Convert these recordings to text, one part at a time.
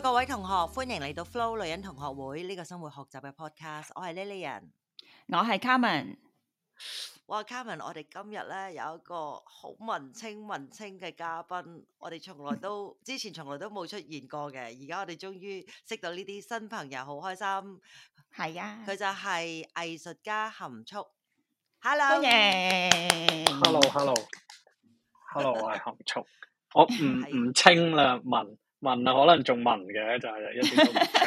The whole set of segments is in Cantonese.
各位同學，歡迎嚟到 Flo 女人同學會呢個生活學習嘅 podcast。我係 Lillian，我係 Carmen。我係 Carmen。我哋今日咧有一個好文青文青嘅嘉賓，我哋從來都之前從來都冇出現過嘅，而家我哋終於識到呢啲新朋友，好開心。係啊，佢就係藝術家含蓄。Hello，歡迎。Hello，Hello，Hello。我係含蓄。我唔唔清啦，文。問啊，可能仲問嘅，就係、是、一啲都唔清。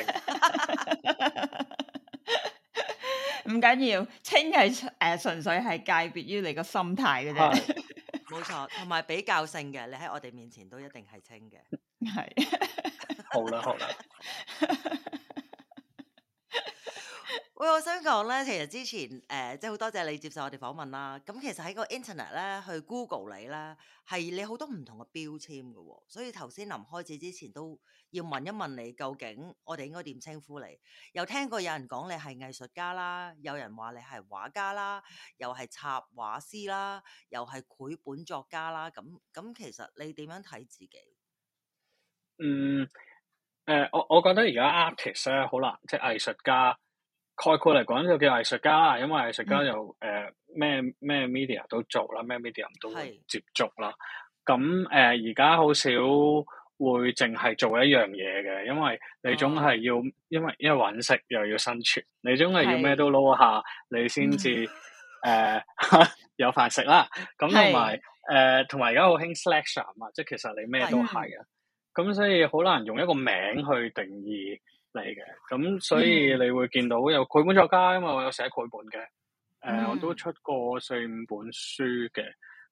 唔緊要，清係誒、呃、純粹係界別於你個心態嘅啫。冇 錯，同埋比較性嘅，你喺我哋面前都一定係清嘅。係 是， 好啦好啦。 喂、哎，我想講咧，其實之前誒、呃，即係好多謝你接受我哋訪問啦。咁其實喺個 internet 咧，去 Google 你咧，係你好多唔同嘅標籤嘅喎。所以頭先臨開始之前，都要問一問你究竟我哋應該點稱呼你？又聽過有人講你係藝術家啦，有人話你係畫家啦，又係插畫師啦，又係繪本作家啦。咁咁，其實你點樣睇自己？嗯，誒、呃，我我覺得而家 artist 咧，好難，即係藝術家。概括嚟講就叫藝術家啦，因為藝術家又誒咩咩 media 都做啦，咩 medium 都接觸啦。咁誒而家好少會淨係做一樣嘢嘅，因為你總係要、哦、因為因為揾食又要生存，你總係要咩都撈下，是你先至誒有飯食啦。咁同埋誒同埋而家好興 slash 嘛，即係其實你咩都係啊。咁的所以好難用一個名去定義嚟嘅，咁所以你會見到有繪本作家因為，我有寫繪本嘅，誒、呃，嗯、我都出過四五本書嘅，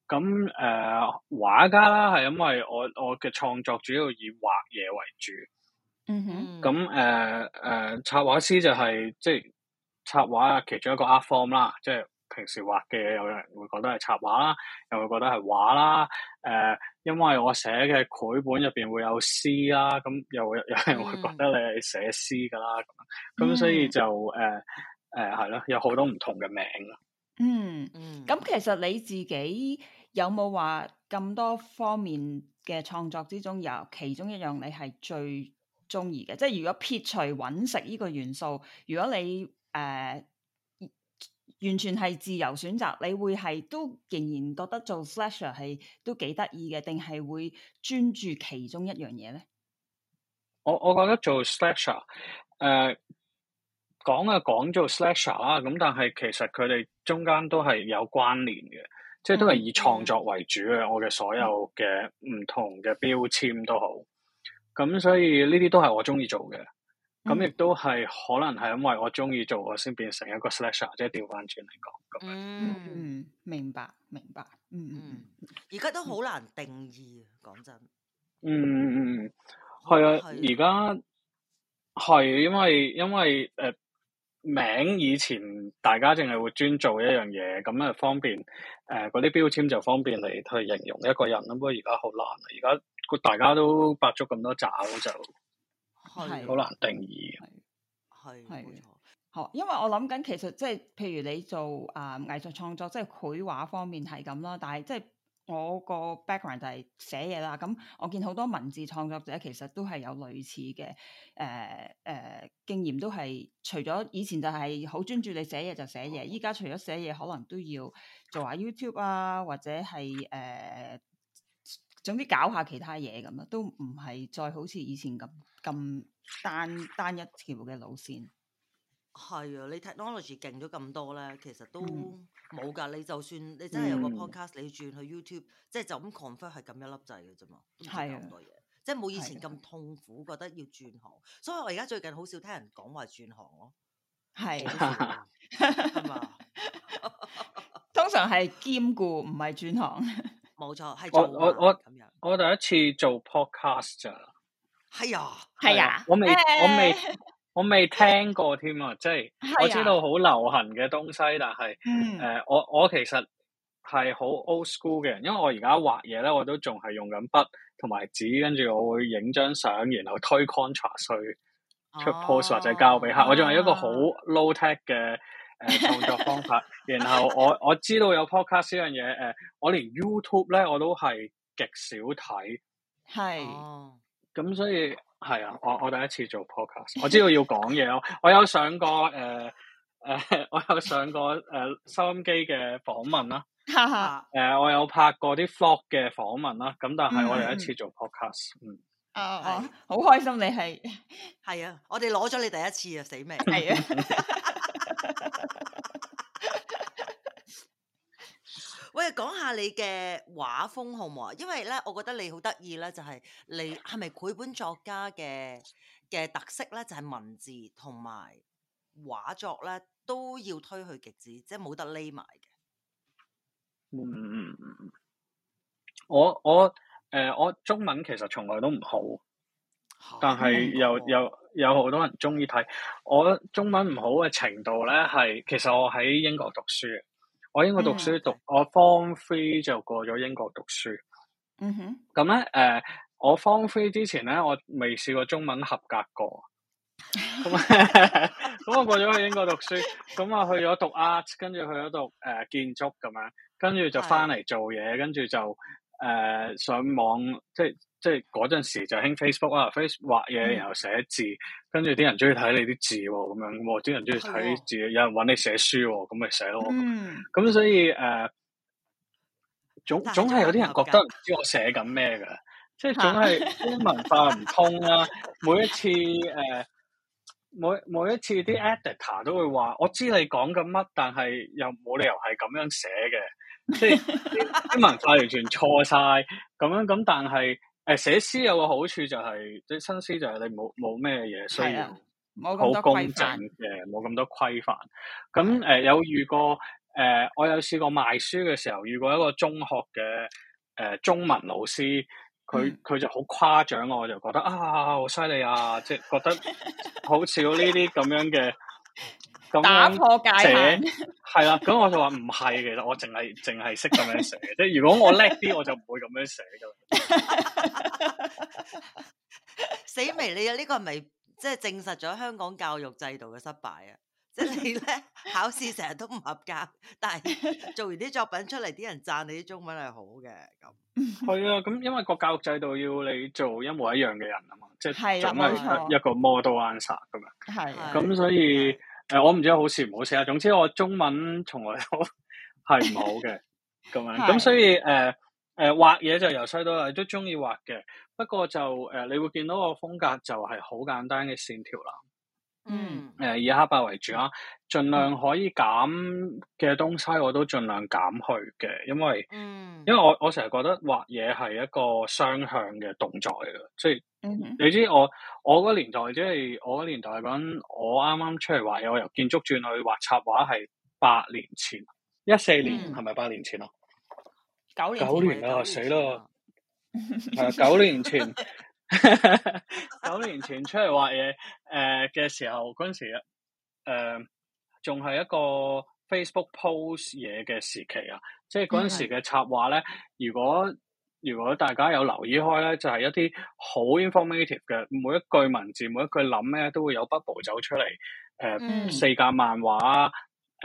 咁、嗯、誒、呃、畫家啦，係因為我我嘅創作主要以畫嘢為主，嗯哼，咁誒誒插畫師就係即係插畫啊其中一個 art form 啦，即、就、係、是。平時畫嘅嘢，有人會覺得係插畫啦，又會覺得係畫啦。誒、呃，因為我寫嘅繪本入邊會有詩啦，咁又有人會覺得你係寫詩噶啦。咁、嗯、所以就誒誒係咯，有好多唔同嘅名咯、嗯。嗯嗯。咁其實你自己有冇話咁多方面嘅創作之中，有其中一樣你係最中意嘅？即、就、係、是、如果撇除揾食呢個元素，如果你誒。呃完全係自由選擇，你會係都仍然覺得做 slasher 係都幾得意嘅，定係會專注其中一樣嘢咧？我我覺得做 slasher，誒、呃，講啊講做 slasher 啦，咁但係其實佢哋中間都係有關聯嘅，即係都係以創作為主嘅。嗯、我嘅所有嘅唔同嘅標籤都好，咁所以呢啲都係我中意做嘅。咁亦都係可能係因為我中意做，我先變成一個 slash，即係調翻轉嚟講咁樣。嗯，明白，明白，嗯嗯，而家都好難定義、嗯嗯、啊，講真在。嗯嗯係啊，而家係因為因為誒、呃、名以前大家淨係會專做一樣嘢，咁啊方便誒嗰啲標籤就方便嚟去形容一個人。不過而家好難啊，而家大家都白咗咁多爪就。 係好難定義嘅，係係冇錯，好，因為我諗緊其實即、就、係、係、譬如你做啊、嗯、藝術創作，即係繪畫方面係咁啦。但係即係我個 background 就係寫嘢啦。咁我見好多文字創作者其實都係有類似嘅誒誒經驗都，都係除咗以前就係好專注你寫嘢就寫嘢，依家、嗯、除咗寫嘢，可能都要做下 YouTube 啊，或者係誒。呃總啲之搞下其他嘢咁咯，都唔係再好似以前咁咁單單一條嘅路線。係啊，你 technology 勁咗咁多咧，其實都冇㗎。嗯、你就算你真係有個 podcast，你轉去 YouTube，、嗯、即係就咁 confirm 係咁一粒掣嘅啫嘛。係咁多嘢，的即係冇以前咁痛苦，的覺得要轉行。所以我而家最近好少聽人講話轉行咯。係，通常係兼顧，唔係轉行。冇錯，係做咁樣。我第一次做 podcast 咋，係 啊，係啊，我未，我未，我未聽過添啊！即係我知道好流行嘅東西，但係誒、 呃，我我其實係好 old school 嘅人，因為我而家畫嘢咧，我都仲係用緊筆同埋紙，跟住我會影張相，然後推 contrast 去出 post 或者交俾客。啊、我仲係一個好 low tech 嘅。誒，創、 呃、作方法，然後我我知道有 podcast 呢樣嘢，誒、呃，我連 YouTube 咧，我都係極少睇，係是，咁、哦、所以係啊，我我第一次做 podcast，我知道要講嘢咯，我有上過誒誒、呃呃，我有上過誒、呃、收音機嘅訪問啦，誒、呃，我有拍過啲 vlog 嘅訪問啦，咁但係我第一次做 podcast，嗯，嗯，哦，好、 哎、開心你係，係啊，我哋攞咗你第一次啊，死命，係啊。你嘅畫風好唔好啊？因為咧，我覺得你好得意咧，就係、是、你係咪繪本作家嘅嘅特色咧，就係、是、文字同埋畫作咧都要推去極致，即係冇得匿埋嘅。嗯，我我誒、呃，我中文其實從來都唔好，但係又又有好多人中意睇。我中文唔好嘅程度咧，係其實我喺英國讀書。我英國讀書，讀我 form three 就過咗英國讀書。嗯哼，咁咧，誒、呃，我 form three 之前咧，我未試過中文合格過。咁，咁我過咗去英國讀書，咁我去咗讀 art 跟住去咗讀誒、呃、建築咁樣，跟住就翻嚟做嘢，跟住的就誒、呃、上網即係。即係嗰陣時就興、啊、Facebook 啊，Facebook 畫嘢，然後寫字，跟住啲人中意睇你啲字咁樣，啲人中意睇字，嗯、有人搵你寫書，咁咪寫咯。咁、嗯、所以誒、呃，總總係有啲人覺得唔知我寫緊咩嘅，即係總係啲文化唔通啦、啊啊 呃。每一次誒，每每一次啲 editor 都會話：我知你講緊乜，但係又冇理由係咁樣寫嘅，即係啲 文化完全錯晒咁樣。咁但係。誒，寫詩有個好處就係、是，即新詩就係你冇冇咩嘢需要，好公正嘅，冇咁多規範。咁誒、呃，有遇過誒、呃，我有試過賣書嘅時候，遇過一個中學嘅誒、呃、中文老師，佢佢就好誇獎，我就覺得、嗯、啊，好犀利啊，即、就、係、是、覺得好似呢啲咁樣嘅。 打破界限係啦，咁我就話唔係，其實我淨係淨係識咁樣寫。即係如果我叻啲，我就唔會咁樣寫㗎喇。死未，你、這、呢個係咪即係證實咗香港教育制度嘅失敗啊？即係 你咧考試成日都唔合格，但係做完啲作品出嚟，啲人讚你啲中文係好嘅。咁， 嗯，係啊，咁因為個教育制度要你做一模一樣嘅人啊嘛，即係做一一個 model answer 咁樣啦。係啦，咁所以。誒，嗯嗯、我唔知好似唔好寫，總之我中文從來都係唔 好嘅咁樣，咁 所以誒誒畫嘢就由細到大都中意畫嘅。不過就誒、呃，你會見到個風格就係好簡單嘅線條啦。嗯。誒、呃，以黑白為主啊，盡量可以減嘅東西我都盡量減去嘅，因為，嗯，因為我我成日覺得畫嘢係一個雙向嘅動作嚟嘅，即係。Mm hmm. 你知我我嗰年代，即係我嗰年代講，我啱啱出嚟畫嘢，我由建築轉去畫插畫係八年前，一四年係咪八年前咯？九年九年啊，死啦！係啊，九年前，九年前出嚟畫嘢誒嘅時候，嗰陣時啊，誒仲係一個 Facebook post 嘢嘅時期啊，即係嗰陣時嘅插畫咧，mm hmm. 如果。如果大家有留意開咧，就係、是、一啲好 informative 嘅，每一句文字，每一句諗咧，都會有 bubble 走出嚟。誒、嗯呃，四格漫畫，誒、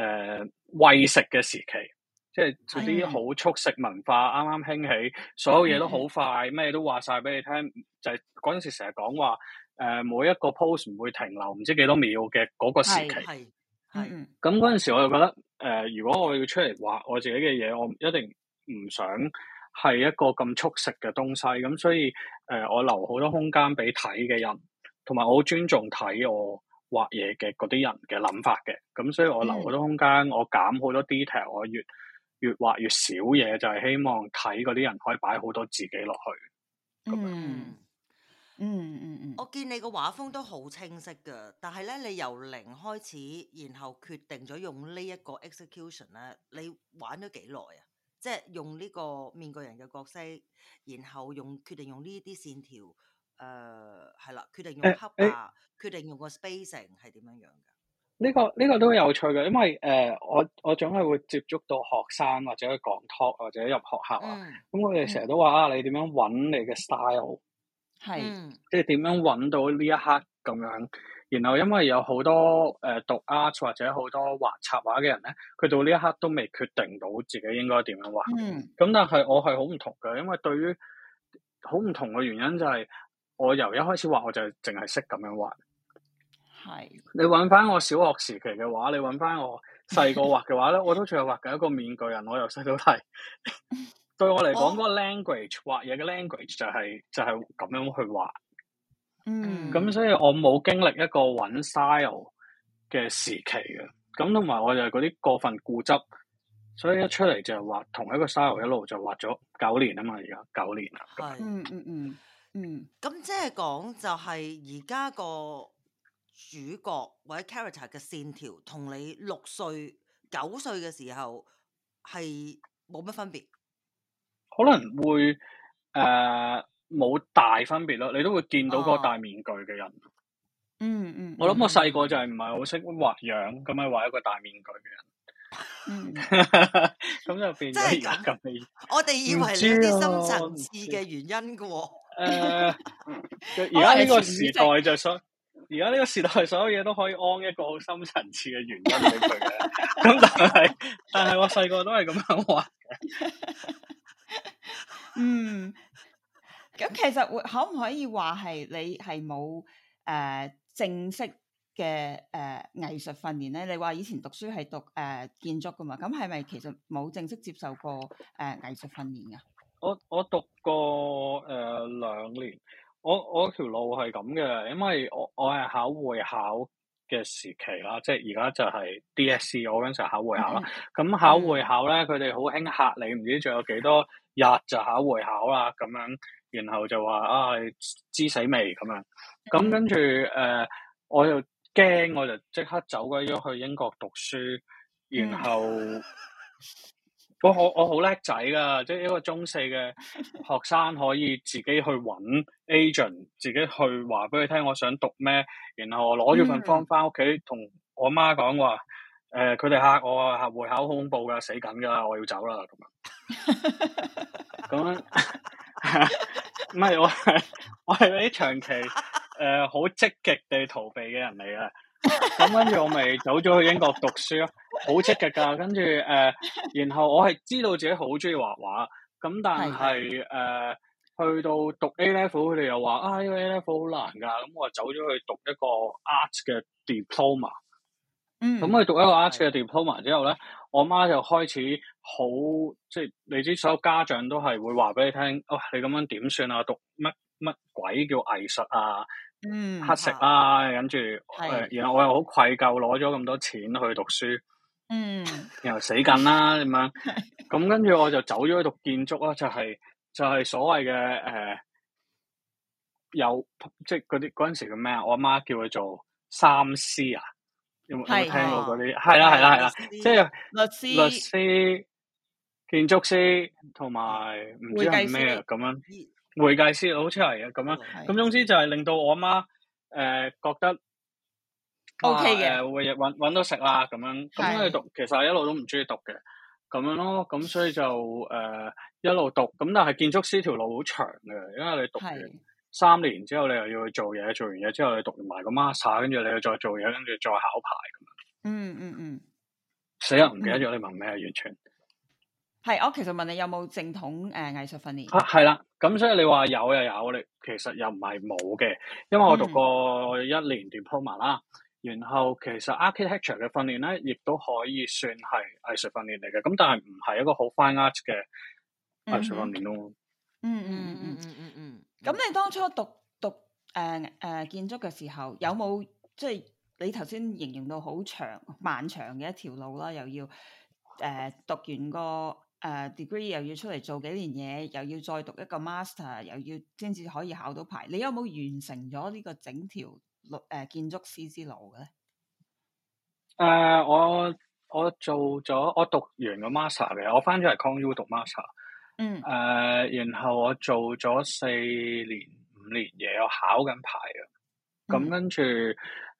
呃，喂食嘅時期，即係嗰啲好速食文化啱啱興起，所有嘢都好快，咩、嗯、都話晒俾你聽。就係嗰陣時成日講話，誒、呃，每一個 post 唔會停留唔知幾多秒嘅嗰個時期。係，係。咁嗰陣時，我就覺得，誒、呃，如果我要出嚟畫我自己嘅嘢，我一定唔想。係一個咁速食嘅東西，咁所以誒、呃，我留好多空間俾睇嘅人，同埋我好尊重睇我畫嘢嘅嗰啲人嘅諗法嘅，咁所以我留好多空間，我減好多 detail，我越越畫越少嘢，就係、是、希望睇嗰啲人可以擺好多自己落去。咁樣。嗯嗯嗯嗯嗯，我見你個畫風都好清晰噶但係咧，你由零開始，然後決定咗用呢一個 execution 咧，你玩咗幾耐啊？即係用呢個面具人嘅角色，然後用決定用呢啲線條，誒係啦，決定用黑啊，欸欸、決定用個 spacing 係點樣樣嘅？呢、這個呢、這個都有趣嘅，因為誒、呃、我我總係會接觸到學生或者講 talk 或者入學校啊，咁我哋成日都話啊，嗯、你點樣揾你嘅 style？係的，嗯、即係點樣揾到呢一刻咁樣？然後因為有好多誒讀 Art 或者好多畫插畫嘅人咧，佢到呢一刻都未決定到自己應該點樣畫。咁、嗯、但係我係好唔同嘅，因為對於好唔同嘅原因就係、是、我由一開始畫我就淨係識咁樣畫。係是。你揾翻我小學時期嘅畫，你揾翻我細個畫嘅話咧， 我都仲係畫緊一個面具人。我由細到大， 對我嚟講嗰個 language 畫嘢嘅 language 就係、是、就係、是、咁樣去畫。嗯，咁所以我冇經歷一個揾 style 嘅時期嘅，咁同埋我又嗰啲過分固執，所以一出嚟就係畫同一個 style 一， 一路就畫咗九年啊嘛，而家九年，係是、嗯，嗯嗯嗯嗯，咁即係講就係而家個主角或者 character 嘅線條同你六歲、九歲嘅時候係冇乜分別，可能會誒。 嗯嗯嗯嗯嗯冇大分別咯，你都會見到個戴面具嘅人。嗯、啊、嗯，嗯我諗我細個就係唔係好識畫樣咁，咪畫一個戴面具嘅人。咁、嗯、 就變真係咁嘅。我哋以為呢啲深層次嘅原因嘅喎。而家呢個時代就想而家呢個時代所有嘢都可以安一個好深層次嘅原因俾佢嘅。咁 但係，但係我細個都係咁樣畫嘅。 嗯。咁其實會可唔可以話係你係冇誒正式嘅誒、呃、藝術訓練咧？你話以前讀書係讀誒、呃、建築噶嘛？咁係咪其實冇正式接受過誒、呃、藝術訓練噶？我我讀過誒、呃、兩年，我我條路係咁嘅，因為我我係考會考嘅時期啦，即係而家就係 DSE，我嗰陣時考會考啦。咁的考會考咧，佢哋好興嚇你，唔知仲有幾多日就考會考啦咁樣。然後就話啊，知死未咁樣？咁跟住誒，我又驚，我就即刻走鬼咗去英國讀書。然後、嗯哦、我我好叻仔噶，即係一個中四嘅學生可以自己去揾 agent，自己去話俾佢聽我想讀咩。然後我攞咗份方翻屋企同我媽講話，誒、呃，佢哋嚇我會考好恐怖噶，死緊噶，我要走啦咁樣。咁 唔係 我係我係啲長期誒好、呃、積極地逃避嘅人嚟嘅。咁、嗯、跟住我咪走咗去英國讀書咯，好積極噶。跟住誒、呃，然後我係知道自己好中意畫畫，咁、嗯、但係誒的、呃，去到讀 A level 佢哋又話啊，呢個 A level 好難噶。咁、嗯、我走咗去讀一個 art 嘅 diploma。咁佢、嗯、讀一個 art 嘅 diploma 之後咧，嗯、我媽就開始好即係，你知所有家長都係會話俾你聽，哦，你咁樣點算啊？讀乜乜鬼叫藝術啊？嗯，乞食啊，跟住誒，然後，的然後我又好愧疚，攞咗咁多錢去讀書，嗯，然後死緊啦咁樣，咁跟住我就走咗去讀建築啦、啊，就係、是、就係、是就是、所謂嘅誒，有即係嗰啲嗰陣時叫咩啊？我阿媽叫佢做三思啊！就是有冇聽過嗰啲？係啦係啦係啦，即係律師、律師、建築師同埋唔知係咩咁樣，會計師好似係嘅咁樣。咁總之就係令到我阿媽誒覺得 OK 嘅，會搵搵到食啦咁樣。咁樣去讀，其實我一路都唔中意讀嘅，咁樣咯。咁所以就誒一路讀，咁但係建築師條路好長嘅，因為你讀完，三年之後你又要去做嘢，做完嘢之後你讀埋個 master，跟住你又再做嘢，跟住再考牌咁樣、嗯。嗯嗯嗯，死啦，唔記得咗你問咩？完全係、嗯、我其實問你有冇正統誒、呃、藝術訓練啊？係啦，咁所以你話有又有，你其實又唔係冇嘅，因為我讀過一年 diploma 啦，嗯、然後其實 architecture 嘅訓練咧，亦都可以算係藝術訓練嚟嘅，咁但係唔係一個好 fine art 嘅藝術訓練咯、嗯。嗯嗯嗯嗯嗯嗯。嗯嗯嗯嗯咁、嗯、你當初讀讀誒誒、呃、建築嘅時候，有冇即係你頭先形容到好長漫長嘅一條路啦？又要誒、呃、讀完個誒 degree，呃呃、又要出嚟做幾年嘢，又要再讀一個 master，又要先至可以考到牌。你有冇完成咗呢個整條誒、呃、建築師之路咧？誒、呃，我我做咗，我讀完個 master 嘅，我翻咗嚟 Con U 讀 master。嗯，誒，uh, 然後我做咗四年五年嘢，我考緊牌啊，咁跟住，誒、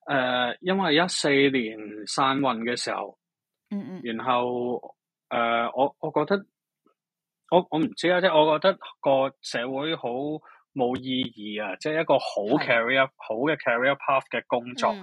嗯，uh, 因為一四年傘運嘅時候，嗯嗯，嗯然後誒，uh, 我我覺得，我我唔知啊，即係我覺得個社會好冇意義啊，即、就、係、是、一個 career, 是好 career 好嘅 career path 嘅工作。嗯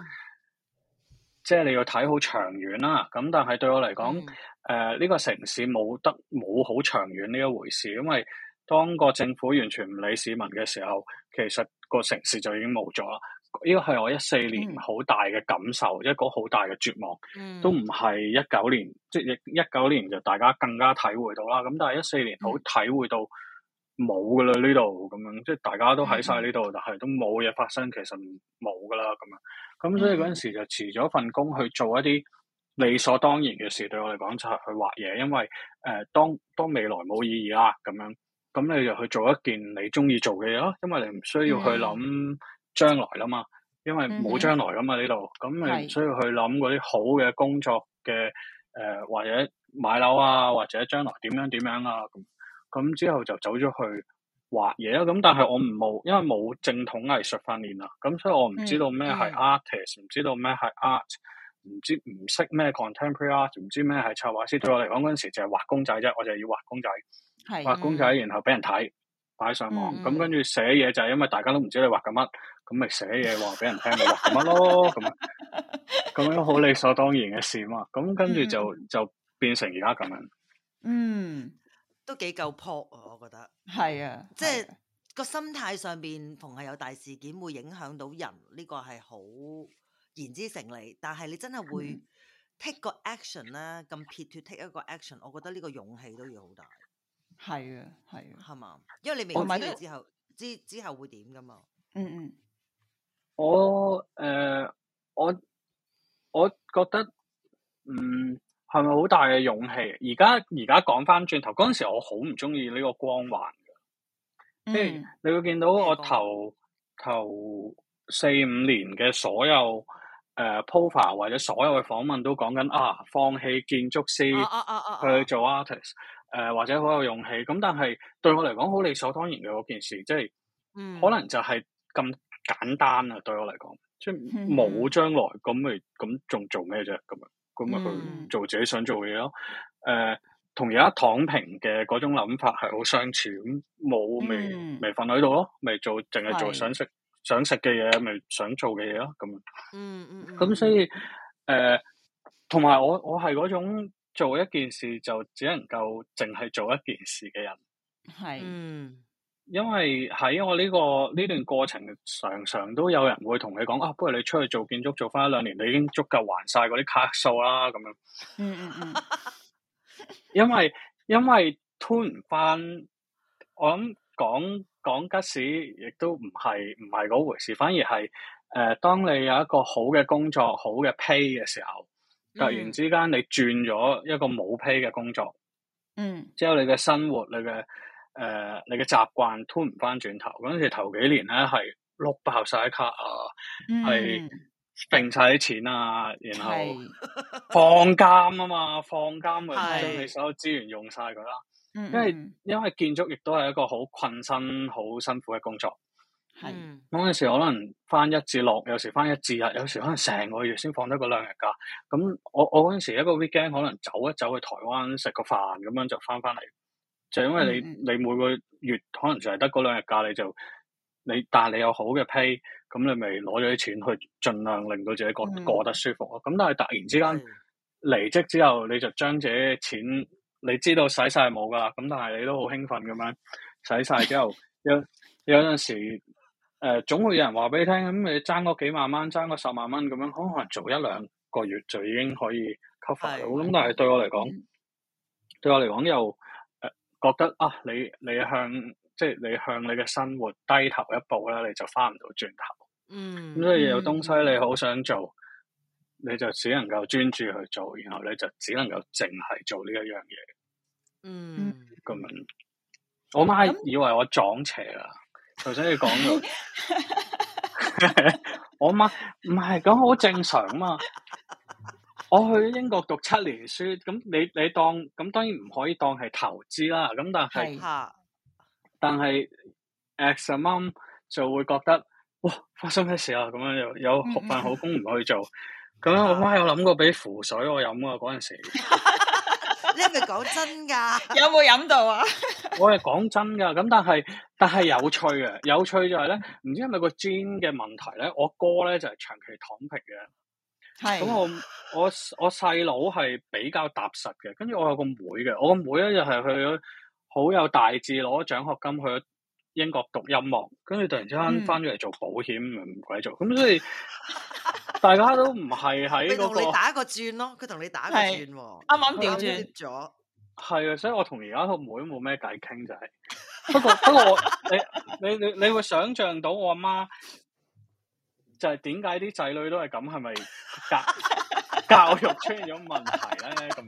即係你要睇好長遠啦、啊，咁但係對我嚟講，誒呢、嗯呃呢個城市冇得冇好長遠呢一回事，因為當個政府完全唔理市民嘅時候，其實個城市就已經冇咗啦。呢個係我一四年好大嘅感受，嗯、一個好大嘅絕望，嗯、都唔係一九年，即係一九年就大家更加體會到啦。咁但係一四年好體會到。嗯嗯冇噶啦，呢度咁樣，即係大家都喺晒呢度，mm hmm. 但係都冇嘢發生。其實冇噶啦咁樣。咁所以嗰陣時就辭咗份工去做一啲理所當然嘅事，對我嚟講就係去畫嘢。因為誒、呃，當當未來冇意義啦，咁樣咁你就去做一件你中意做嘅嘢咯。因為你唔需要去諗將來啦嘛，因為冇將來噶嘛呢度。咁你唔需要去諗嗰啲好嘅工作嘅誒、呃，或者買樓啊，或者將來點樣點樣啊咁。咁之後就走咗去畫嘢啦，咁但係我唔冇，因為冇正統藝術訓練啊，咁所以我唔知道咩係 artist，唔知道咩係 art，唔知唔識咩 contemporary art，唔知咩係插畫師。對我嚟講嗰陣時就係畫公仔啫，我就要畫公仔，畫公仔然後俾人睇，擺上網。咁跟住寫嘢就係因為大家都唔知你畫緊乜，咁咪寫嘢話俾人聽你畫緊乜咯，咁樣好理所當然嘅事嘛。咁跟住就就變成而家咁樣。嗯。Mm. Mm. 都幾夠撲啊！我覺得係啊，即係個心態上面，逢係有大事件會影響到人，呢、這個係好言之成理。但係你真係會 take 個 action 啦、啊，咁、嗯、撇脱 take 一個 action，我覺得呢個勇氣都要好大。係啊，係啊，係嘛？因為你未買完之後，之之後會點噶嘛？嗯嗯，我誒、uh, 我我覺得嗯。係咪好大嘅勇氣？而家而家講翻轉頭，嗰陣時我好唔中意呢個光環嘅。嗯，hey, 你會見到我頭、嗯、頭四五年嘅所有誒，profile、呃、或者所有嘅訪問都講緊啊，放棄建築師去做 artist，誒或者好有勇氣。咁但係對我嚟講好理所當然嘅嗰件事，即、就、係、是嗯、可能就係咁簡單啦。對我嚟講，即係冇將來咁咪咁仲做咩啫？咁樣。咁咪去做自己想做嘅嘢咯。誒、呃，同而家躺平嘅嗰種諗法係好相似，咁冇未咪瞓喺度咯，咪做淨係做想食是想食嘅嘢，咪想做嘅嘢咯。咁，嗯嗯。咁、嗯、所以誒、同、呃、埋我我係嗰種做一件事就只能夠淨係做一件事嘅人。係是。嗯因為喺我呢、這個呢段過程，常常都有人會同你講，啊，不如你出去做建築，做翻一兩年，你已經足夠還晒嗰啲卡數啦。咁樣。嗯嗯嗯。因為因為吞唔翻，我諗講講吉士，亦都唔係唔係嗰回事，反而係誒、呃，當你有一個好嘅工作、好嘅 pay 嘅時候，突然之間你轉咗一個冇 pay 嘅工作，嗯，之後你嘅生活你嘅。誒、呃，你嘅習慣推唔翻轉頭，嗰陣時頭幾年咧係碌爆晒卡啊，係掟晒啲錢啊，然後放監啊嘛是、啊，放監咪將你所有資源用晒佢啦。因為因為建築亦都係一個好困身、好辛苦嘅工作。係嗰陣時可能翻一至六，有時翻一至日，有時可能成個月先放得嗰兩日假。咁我我嗰陣時一個 weekend 可能走一走去台灣食個飯咁樣就翻翻嚟。就因為你、嗯、你每個月可能就係得嗰兩日假，你就你，但係你有好嘅 pay，咁你咪攞咗啲錢去盡量令到自己過、嗯、過得舒服咯。咁但係突然之間離職之後，你就將自己錢你知道使晒冇噶啦。咁但係你都好興奮咁樣使晒。之後，有有陣時誒、呃、總會有人話俾你聽，咁你爭嗰幾萬蚊，爭嗰十萬蚊咁樣，可能做一兩個月就已經可以 cover 到。咁、嗯、但係對我嚟講，嗯、對我嚟講又～覺得啊，你你向即係你向你嘅生活低頭一步咧，你就返唔到轉頭。嗯，咁所以有東西你好想做，嗯、你就只能夠專注去做，然後你就只能夠淨係做呢一樣嘢。嗯，咁我媽以為我撞邪啦，頭先你講咗， 我媽唔係咁好正常啊嘛。我去英國讀七年書，咁你你當咁當然唔可以當係投資啦，咁但係， 但係 ex mom 就會覺得，哇，發生咩事啊？咁樣有有份好工唔去做，咁 樣我媽有諗過俾符水我飲啊嗰陣時。你係咪講真噶？ 有冇飲到啊？ 我係講真噶，咁但係但係有趣啊！有趣就係咧，唔知係咪個 gene 嘅問題咧？我哥咧就係、是、長期躺平嘅。係，咁我我我細佬係比較踏實嘅，跟住我有個妹嘅，我個妹咧就係去咗好有大志，攞獎學金去咗英國讀音樂，跟住突然之間翻咗嚟做保險唔鬼做，咁所以大家都唔係喺度， 你打一個轉咯，佢同你打一個轉，啱啱掉轉咗，係啊，所以我同而家個妹冇咩偈傾就係，不過不過我你你你你，你會想象到我阿媽。就係點解啲仔女都係咁？係咪教教育出現咗問題咧？咁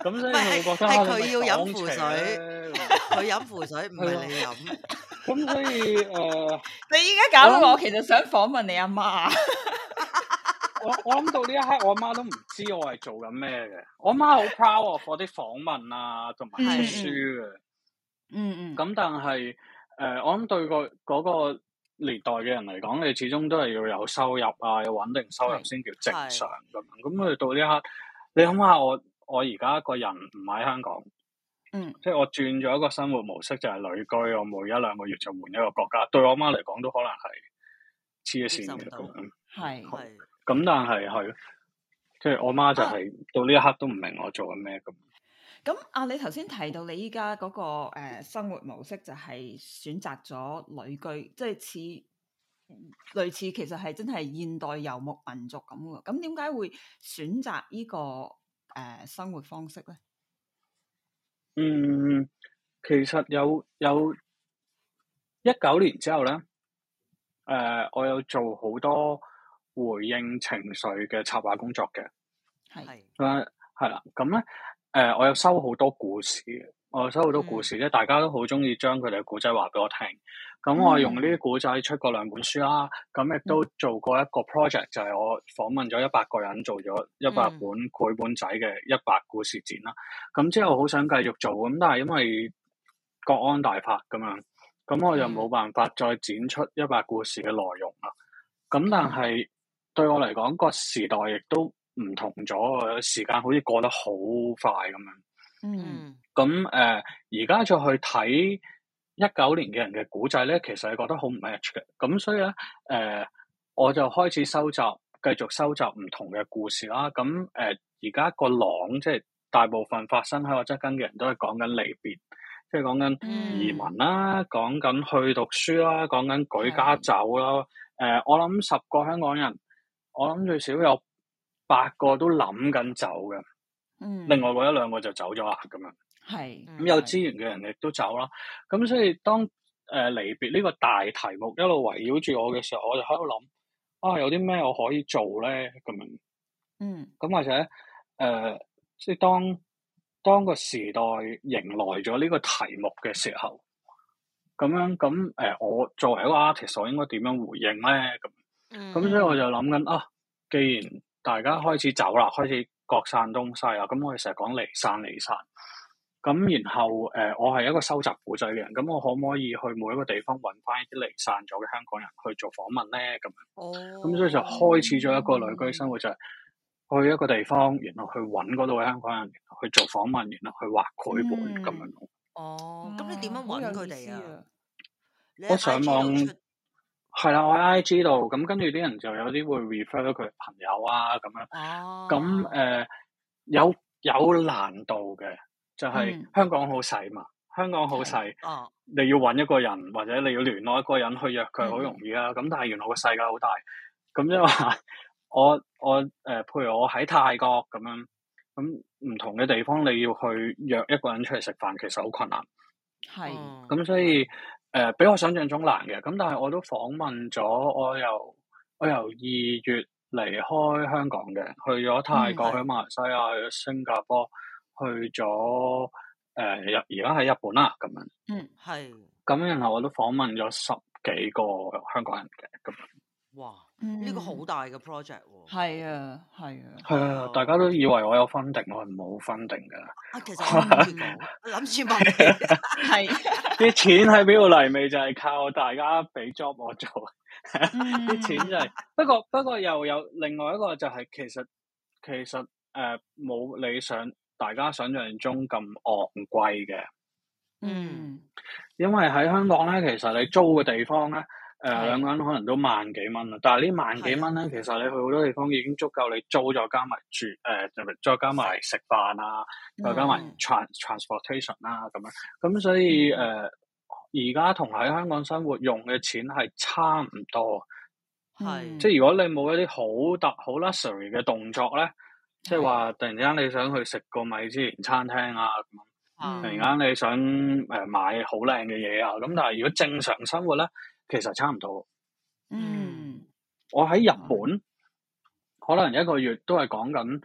咁所以我覺得係佢要飲湖水，佢飲湖水唔係你飲。咁所以誒，你依家搞到我其實想訪問你阿媽。我我諗到呢一刻，我阿媽都唔知我係做緊咩嘅。我阿媽好 proud 我啲訪問啊，同埋書嘅。嗯嗯。咁但係誒，我諗對個嗰個。年代嘅人嚟講，你始終都係要有收入啊，有穩定收入先叫正常咁。咁啊是到呢刻，你諗下我我而家個人唔喺香港，嗯，即係我轉咗一個生活模式就係、是、旅居，我每一兩個月就換一個國家。對我媽嚟講都可能係黐線嘅咁樣，係係。咁那但係係，即係我媽就係、是、是到呢一刻都唔明我做緊咩咁。咁啊！你頭先提到你依家嗰個、呃、生活模式，就係選擇咗旅居，即係似類似，其實係真係現代遊牧民族咁喎。咁點解會選擇呢、這個誒、呃、生活方式咧？嗯，其實有有一九年之後咧，誒、呃、我有做好多回應情緒嘅策劃工作嘅，係啊，係啦，咁咧。誒、呃，我有收好多故事，我有收好多故事咧，嗯、大家都好中意將佢哋嘅古仔話俾我聽。咁、嗯、我用呢啲古仔出過兩本書啦，咁亦、嗯、都做過一個 project，就係我訪問咗一百個人做，做咗一百本繪本仔嘅一百故事展啦。咁、嗯、之後好想繼續做，咁但係因為國安大法咁樣，咁我就冇辦法再展出一百故事嘅內容啦。咁、嗯、但係對我嚟講，個時代亦都。唔同咗，時間好似過得好快咁樣。嗯，咁誒，而、呃、家再去睇一九年嘅人嘅古仔咧，其實係覺得好唔 match 嘅。咁所以咧，誒、呃，我就開始收集，繼續收集唔同嘅故事啦。咁誒，而、呃、家個浪即係大部分發生喺我側跟嘅人都係講緊離別，即係講緊移民啦，講緊、嗯、去讀書啦，講緊舉家走啦。誒、嗯呃，我諗十個香港人，我諗最少有八個都諗緊走嘅，嗯，另外嗰一兩個就走咗啦，咁樣，係是，咁、嗯、有資源嘅人亦都走啦。咁的所以當誒、呃、離別呢個大題目一路圍繞住我嘅時候，我就喺度諗啊，有啲咩我可以做咧？咁樣，嗯，咁或者誒，即、呃、係當當個時代迎來咗呢個題目嘅時候，咁樣咁誒、呃，我作為一個 artist，我應該點樣回應咧？咁，咁、嗯、所以我就諗緊啊，啊，既然，啊既然大家開始走啦，開始各散東西啦。咁、嗯、我哋成日講離散，離、嗯、散。咁然後誒、呃，我係一個收集古仔嘅人，咁、嗯、我可唔可以去每一個地方搵翻啲離散咗嘅香港人去做訪問咧？咁哦。咁所以就開始咗一個旅居生活，就係去一個地方，然後去搵嗰度嘅香港人去做訪問，然後去畫繪本咁樣。哦。咁你點樣搵佢哋啊？我上網。係啦，我喺 I G 度，咁跟住啲人就有啲會 refer 咗佢朋友啊，咁樣，咁誒、oh. 呃、有有難度嘅就係、是、香港好細嘛，香港好細，oh. 你要搵一個人或者你要聯絡一個人去約佢好容易啊。咁但係原來個世界好大，咁即係話我我誒、呃，譬如我喺泰國咁樣，咁唔同嘅地方你要去約一個人出嚟食飯，其實好困難，係，咁所以。誒、呃，比我想象中難嘅，咁但係我都訪問咗，我由我由二月離開香港嘅，去咗泰國，嗯、去馬來西亞，去咗新加坡，去咗誒日，而家喺日本啦，咁樣。嗯，係。咁然後我都訪問咗十幾個香港人嘅，咁。哇！呢、嗯、個好大嘅 project 喎，係啊，係啊，係啊！大家都以為我有 funding，我係冇 funding 噶。啊，其實諗住搏嘅，係啲錢喺邊度嚟？咪就係靠大家俾 job 我做，啲錢就係、是。不過，不過又有另外一個就係，其實其實誒，冇、呃、你想大家想象中咁昂貴嘅。嗯， 因為喺香港咧，其實你租嘅地方咧。誒，兩個人可能都萬幾蚊啦，但係呢萬幾蚊咧，其實你去好多地方已經足夠你租，再加埋住，誒，再加埋食飯啊，再加埋 trans transportation 啦，咁樣，咁所以誒，而家同喺香港生活用嘅錢係差唔多，係，即係如果你冇一啲好特好 luxury 嘅動作咧，即係話突然間你想去食個米芝蓮餐廳啊，突然間你想誒買好靚嘅嘢啊，咁但係如果正常生活咧。其實差唔多。嗯，我喺日本，嗯、可能一個月都係講緊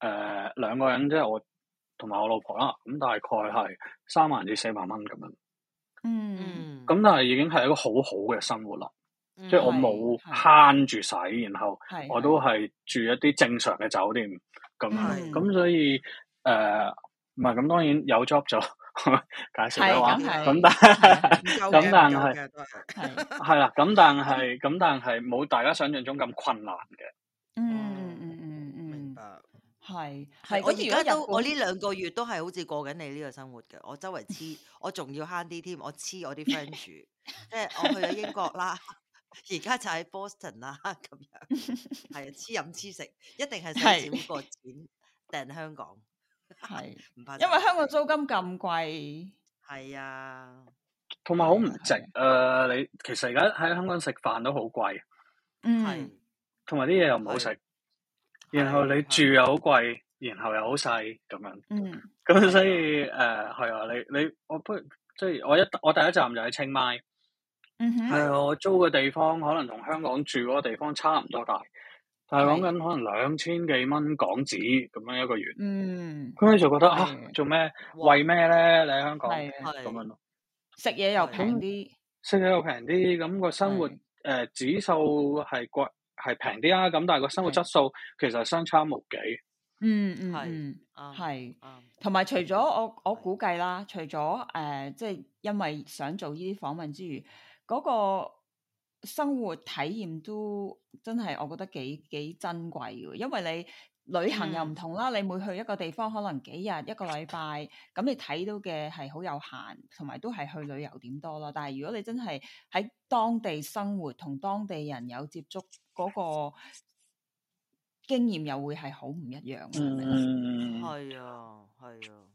誒兩個人，即、就、係、是、我同埋我老婆啦。咁大概係三萬至四萬蚊咁樣。嗯，咁但係已經係一個好好嘅生活啦。即係、嗯、我冇慳住使，嗯、然後我都係住一啲正常嘅酒店咁。咁、嗯嗯、所以誒，呃唔係咁，當然有 job 做 的，解釋嘅話，咁但咁是、嗯、但係係啦，咁但係咁但係冇大家想像中咁困難嘅。嗯嗯嗯嗯嗯，明白。係係， 我而家都我呢兩個月都係好似過緊你呢個生活嘅。我周圍黐，我仲要慳啲添，我黐我啲 friend 住，即係 我去咗英國啦，而家就喺 Boston 啦，咁樣係呀黐飲黐食，一定係少過錢訂 香港。係，因為香港租金咁貴，係啊，同埋好唔值誒，你其實而家喺香港食飯都好貴，嗯，係，同埋啲嘢又唔好食。然後你住又好貴，然後又好細咁樣，嗯，咁所以誒，係啊，你你我不即係我一我第一站就喺清邁，嗯哼，係我租嘅地方可能同香港住嗰地方差唔多大。係講緊可能兩千幾蚊港紙咁樣一個月，嗯，咁你就覺得的啊，做咩？為咩咧？你喺香港咁的樣咯？食嘢的又平啲，食嘢的又平啲，咁個生活誒的、呃、指數係貴係平啲啊！咁但係個生活質素其實相差無幾。嗯的嗯，係，同埋除咗我我估計啦，除咗誒，即、呃、係因為想做呢啲訪問之餘，嗰個。生活體驗都真係，我覺得幾幾珍貴嘅，因為你旅行又唔同啦。嗯、你每去一個地方，可能幾日一個禮拜，咁你睇到嘅係好有限，同埋都係去旅遊點多啦。但係如果你真係喺當地生活，同當地人有接觸，嗰個經驗又會係好唔一樣。嗯，係、嗯、啊，係啊。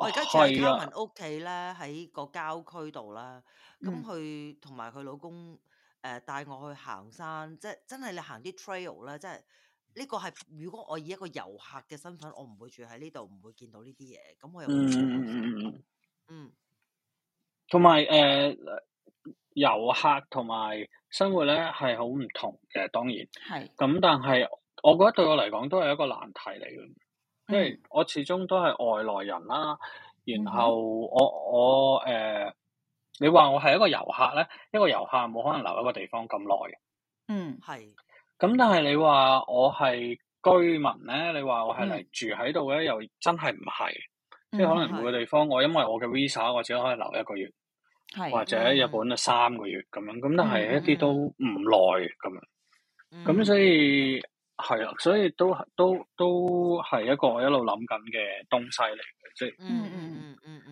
我而家住喺卡文屋企咧，喺個郊區度啦。咁佢同埋佢老公。誒，帶、呃、我去行山，即係真係你行啲 trail 咧，即係呢個係如果我以一個遊客嘅身份，我唔會住喺呢度，唔會見到呢啲嘢，咁我又嗯嗯嗯嗯嗯，嗯，同埋誒遊客同埋生活咧係好唔同嘅，當然係，咁是但係我覺得對我嚟講都係一個難題嚟嘅，嗯、因為我始終都係外來人啦，然後我、嗯、我誒。我呃你話我係一個遊客咧，一個遊客冇可能留一個地方咁耐嘅。嗯，係。咁但係你話我係居民咧？你話我係嚟住喺度咧？嗯、又真係唔係，即係、嗯、可能每個地方、嗯、我因為我嘅 visa，我只可以留一個月，嗯、或者日本啊三個月咁、嗯、樣。咁但係一啲都唔耐咁樣。咁、嗯、所以係啦、啊，所以都都都係一個我一路諗緊嘅東西嚟嘅，即係、嗯。嗯嗯嗯嗯。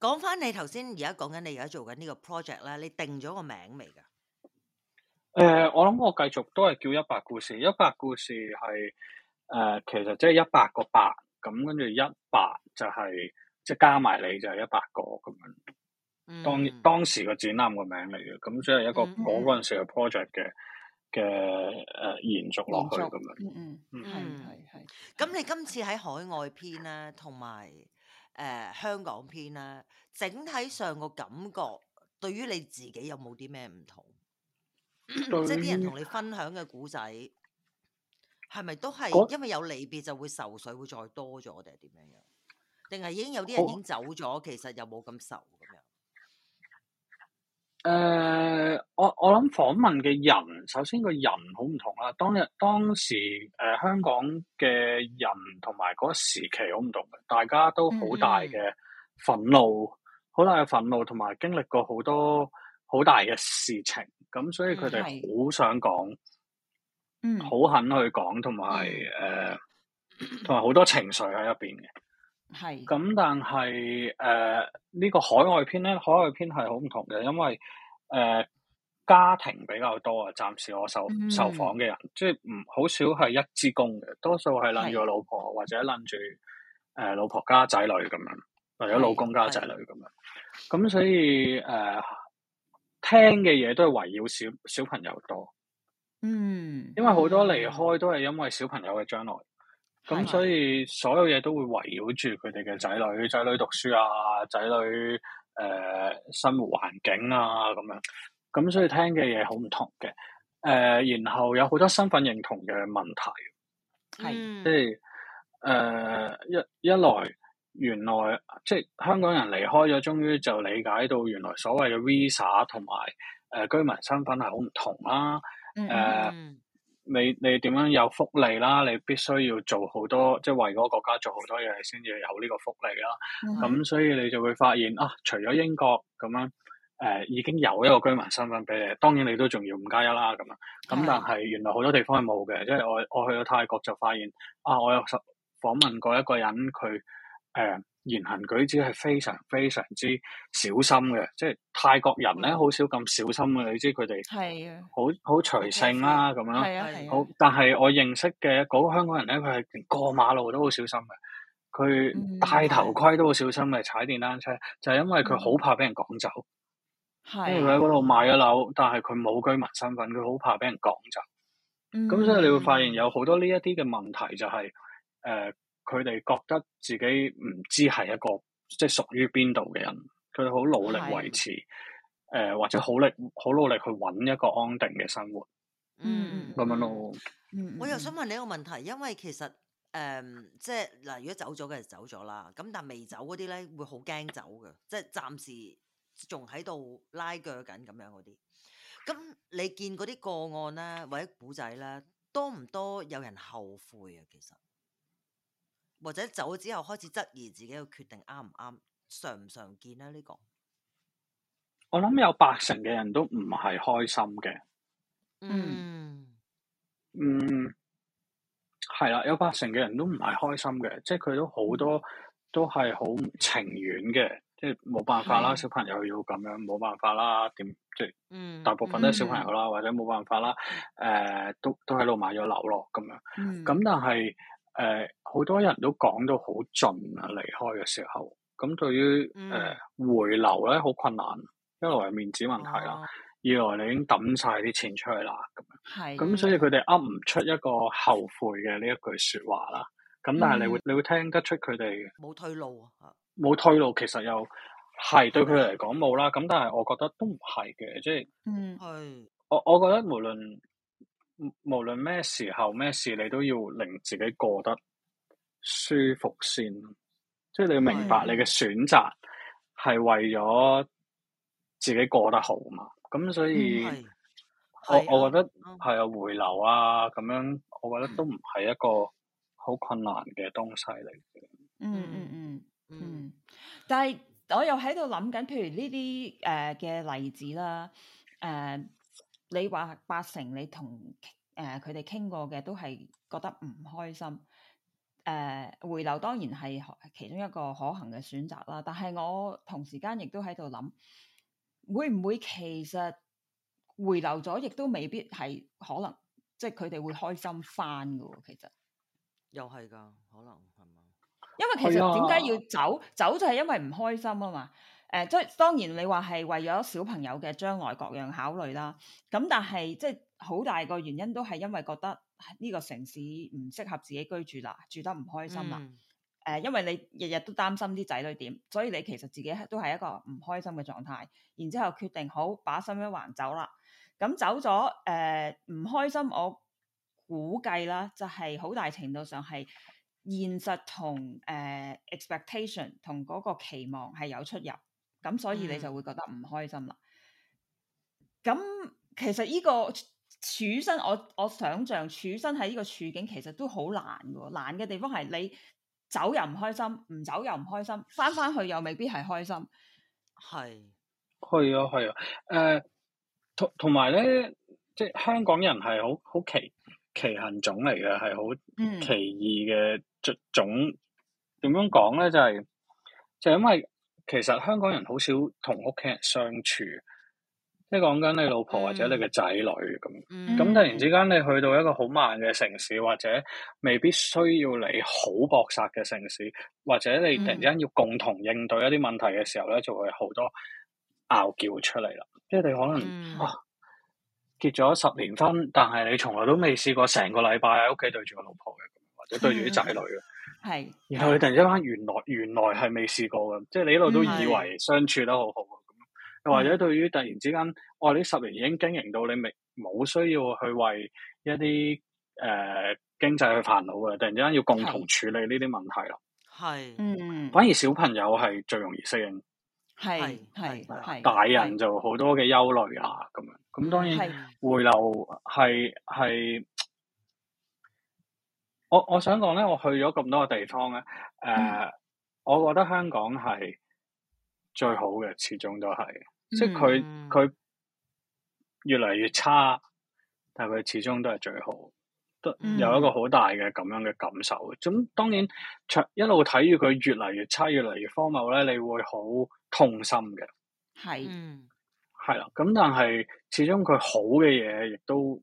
講翻你頭先，而家講緊你而家做緊呢個 project 啦，你定咗個名未噶？誒、呃，我諗我繼續都係叫一白故事，一白故事係誒、呃，其實即係一百個百咁，跟住一百就係即係加埋你就係一百個咁樣。當、嗯、當時個展覽個名嚟嘅，咁即係一個我嗰陣時嘅 project 嘅嘅誒、呃，延續落去咁樣。嗯，係係係。咁、嗯、你今次喺海外編咧，同埋。誒、呃、香港篇啦，整體上個感覺對於你自己有冇啲咩唔同？嗯、即係啲人同你分享嘅古仔，係咪都係因為有離別就會愁緒會再多咗，定係點樣？定係已經有啲人已經走咗，好其實又冇咁愁。誒、uh，我我諗訪問嘅人，首先個人好唔同啦。當日當時誒、呃，香港嘅人同埋嗰時期好唔同嘅，大家都好大嘅憤怒，好、mm hmm. 大嘅憤怒，同埋經歷過好多好大嘅事情，咁所以佢哋好想講，嗯、mm，好、hmm. 肯去講，同埋誒，同埋好多情緒喺入邊嘅。係咁是、嗯，但係誒，呢、呃這個海外篇咧，海外篇係好唔同嘅，因為誒、呃、家庭比較多啊。暫時我受受訪嘅人，嗯、即係唔好少係一支公嘅，多數係攞住老婆是或者攞住誒老婆加仔女咁樣，是或者老公加仔女咁樣。咁是是所以誒、呃，聽嘅嘢都係圍繞小小朋友多。嗯，嗯因為好多離開都係因為小朋友嘅將來。咁所以所有嘢都會圍繞住佢哋嘅仔女，仔女讀書啊，仔女誒、呃、生活環境啊咁樣。咁所以聽嘅嘢好唔同嘅。誒、呃，然後有好多身份認同嘅問題。係、嗯，就是呃，即係誒一一來原來即係香港人離開咗，終於就理解到原來所謂嘅 visa 同埋誒、呃、居民身份係好唔同啦。誒、呃。嗯嗯嗯你你點樣有福利啦？你必須要做好多，即係為嗰個國家做好多嘢，先至有呢個福利啦。咁、mm hmm. 嗯、所以你就會發現啊，除咗英國咁樣，誒、呃、已經有一個居民身份俾你，當然你都仲要唔加一啦咁啊。咁、嗯 mm hmm. 但係原來好多地方係冇嘅，即係我我去到泰國就發現，啊我有訪問過一個人，佢誒。呃言行舉止係非常非常之小心嘅，即係泰國人咧好少咁小心嘅，你知佢哋好好隨性啦、啊、咁樣。好，但係我認識嘅嗰個香港人咧，佢係連過馬路都好小心嘅，佢戴頭盔都好小心嘅，踩電單車就係因為佢好怕俾人趕走。係。因為。佢喺嗰度買咗樓，但係佢冇居民身份，佢好怕俾人趕走。咁所以你會發現有好多呢一啲嘅問題，就係誒。佢哋覺得自己唔知係一個即係屬於邊度嘅人，佢好努力維持，誒的、呃、或者好力好努力去揾一個安定嘅生活，嗯咁樣咯。嗯、我又想問你一個問題，因為其實誒、嗯、即係嗱，如果走咗嘅就走咗啦，咁但係未走嗰啲咧會好驚走嘅，即係暫時仲喺度拉腳緊咁樣嗰啲。咁你見嗰啲個案啦或者古仔啦，多唔多有人後悔啊？其實？或者走咗之後開始質疑自己嘅決定啱唔啱，常唔常見咧？啊？呢、這個我諗有八成嘅人都唔係開心嘅。嗯嗯，係啦，嗯啊，有八成嘅人都唔係開心嘅，即係佢都好多都係好唔情願嘅，即係冇辦法啦，的小朋友要咁樣冇辦法啦，點、嗯、即係？大部分都係小朋友啦，嗯、或者冇辦法啦，誒、呃，都都喺度買咗樓咯，咁樣。嗯，咁但係。誒，好、呃、多人都講到好盡啊，離開嘅時候，咁對於誒、嗯呃、回流咧好困難，一來係面子問題啦，啊、二來你已經抌晒啲錢出去啦，咁，咁係所以佢哋噏唔出一個後悔嘅呢一句說話啦。咁但係你會、嗯、你會聽得出佢哋冇退路啊，冇退路其實又係對佢嚟講冇啦。咁但係我覺得都唔係嘅，即係，嗯係，我我覺得無論。無論咩時候咩事，你都要令自己過得舒服先，即係你要明白，你嘅選擇係為咗自己過得好嘛。咁所以，嗯、我我覺得係係、係、回流啊，咁樣，我覺得都唔係一個好困難嘅東西嚟嘅，嗯。嗯嗯嗯嗯，但係我又喺度諗緊，譬如呢啲誒嘅例子啦，誒、呃。你話八成你同誒佢哋傾過嘅都係覺得唔開心，誒、呃、回流當然係其中一個可行嘅選擇啦。但係我同時間亦都喺度諗，會唔會其實回流咗亦都未必係可能，即係佢哋會開心返㗎喎？其實又係㗎，可能係嘛？因為其實點解的要走？走就係因為唔開心啊嘛。誒，即係、呃、當然，你話係為咗小朋友嘅將來各樣考慮啦。咁但係即係好大個原因都係因為覺得呢個城市唔適合自己居住啦，住得唔開心啦。誒、嗯呃，因為你日日都擔心啲仔女點，所以你其實自己都係一個唔開心嘅狀態。然之後決定好把心一橫走啦。咁、嗯、走咗誒，唔、呃、開心，我估計啦，就係、是、好大程度上係現實同誒、呃、expectation 同嗰個期望係有出入。咁所以你就會覺得唔開心啦。咁、嗯、其實呢個處身，我我想象處身喺呢個處境，其實都好難嘅喎。難嘅地方係你走又唔開心，唔走又唔開心，翻翻去又未必係開心。係是，係啊，係啊。誒、呃，同同埋咧，即係香港人係好好奇奇行種嚟嘅，係好奇異嘅、嗯、種。點樣講咧？就係、是、就是、因為。其實香港人好少同屋企人相處，即係講緊你老婆或者你嘅仔女咁。咁、嗯、突然之間你去到一個好慢嘅城市，或者未必需要你好搏殺嘅城市，或者你突然之間要共同應對一啲問題嘅時候咧，嗯、就會好多拗撬出嚟啦。嗯、即係你可能哇、嗯啊，結咗十年婚，但係你從來都未試過成個禮拜喺屋企對住個老婆嘅，或者對住啲仔女、嗯係，然後你突然之間原來原來係未試過嘅，即係你一路都以為相處得好好啊，又或者對於突然之間，我呢十年已經經營到你未冇需要去為一啲誒經濟去煩惱嘅，突然之間要共同處理呢啲問題咯。係，嗯，反而小朋友係最容易適應，係係係，大人就好多嘅憂慮啊，咁樣，咁當然回流係係。我我想講咧，我去咗咁多個地方咧，誒、呃，我覺得香港係最好嘅，始終都係，即係佢佢越嚟越差，但係佢始終都係最好，都有一個好大嘅咁樣嘅感受。咁當然，長一路睇住佢越嚟越差，越嚟越荒謬咧，你會好痛心嘅。係是，係啦。咁但係始終佢好嘅嘢亦都。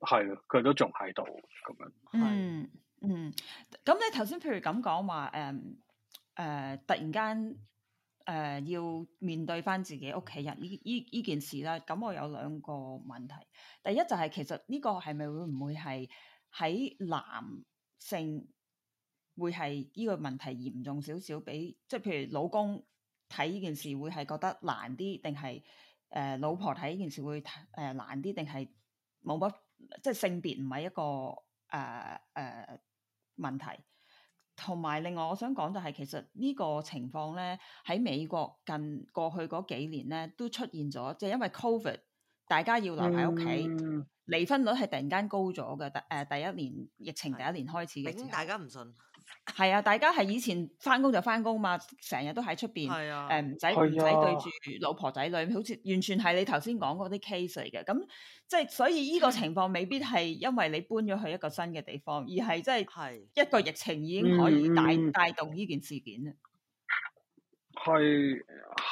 係啊，佢都仲喺度咁樣。係啊。嗯嗯，咁、嗯、你頭先譬如咁講話，誒、嗯、誒、呃，突然間誒、呃、要面對翻自己屋企人呢呢呢件事啦。咁我有兩個問題，第一就係、是、其實呢個係咪會唔會係喺男性會係呢個問題嚴重少少，比即係譬如老公睇呢件事會係覺得難啲，定係誒老婆睇呢件事會誒、呃、難啲，定係冇乜？即係性別唔係一個誒誒、呃呃、問題，同埋另外我想講就係，其實呢個情況咧喺美國近過去嗰幾年咧都出現咗，即係因為 Covid，大家要留喺屋企，嗯、離婚率係突然間高咗嘅，第、呃、誒第一年疫情第一年開始嘅。大家唔信。係啊，大家係以前翻工，就翻工嘛，成日都喺出邊，誒唔使唔使對住老婆仔女，好似完全係你頭先講嗰啲 case 嚟嘅。咁即係所以呢個情況未必係因為你搬咗去一個新嘅地方，而係即係一個疫情已經可以帶帶動呢件事件啦。係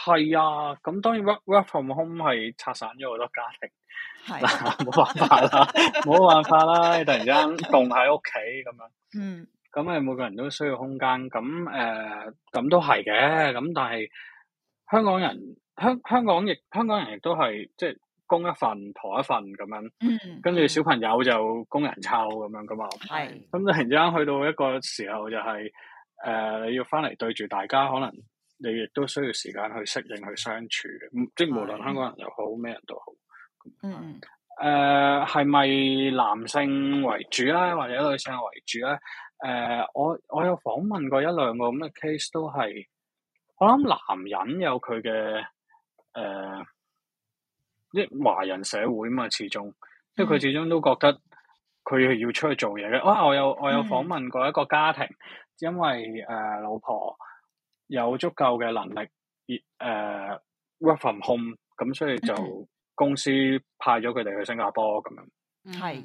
係啊，咁當然 work work from home 係拆散咗好多家庭，係冇辦法啦，冇辦法啦，突然間凍喺屋企咁樣。嗯。咁誒，每個人都需要空間。咁誒，咁都係嘅。咁但係香港人，香香港亦香港人亦都係即係公一份，婆一份咁樣。嗯。跟住小朋友就工人湊咁樣噶嘛。係。咁突然之間去到一個時候、就是，就係誒，你要翻嚟對住大家，可能你亦都需要時間去適應去相處。嗯。即係無論香港人又好，咩人都好。嗯。誒、嗯，係咪、呃、男性為主啦、啊？或者女性為主咧、啊？誒、uh，我我有訪問過一兩個咁嘅 case，都係，我諗男人有佢嘅誒，啲、呃、華人社會嘛，始終，因為佢始終都覺得佢係要出去做嘢嘅。啊，我有我有訪問過一個家庭，嗯、因為誒、呃、老婆有足夠嘅能力，誒 work、呃、from home，咁所以就公司派咗佢哋去新加坡咁、嗯、樣。係。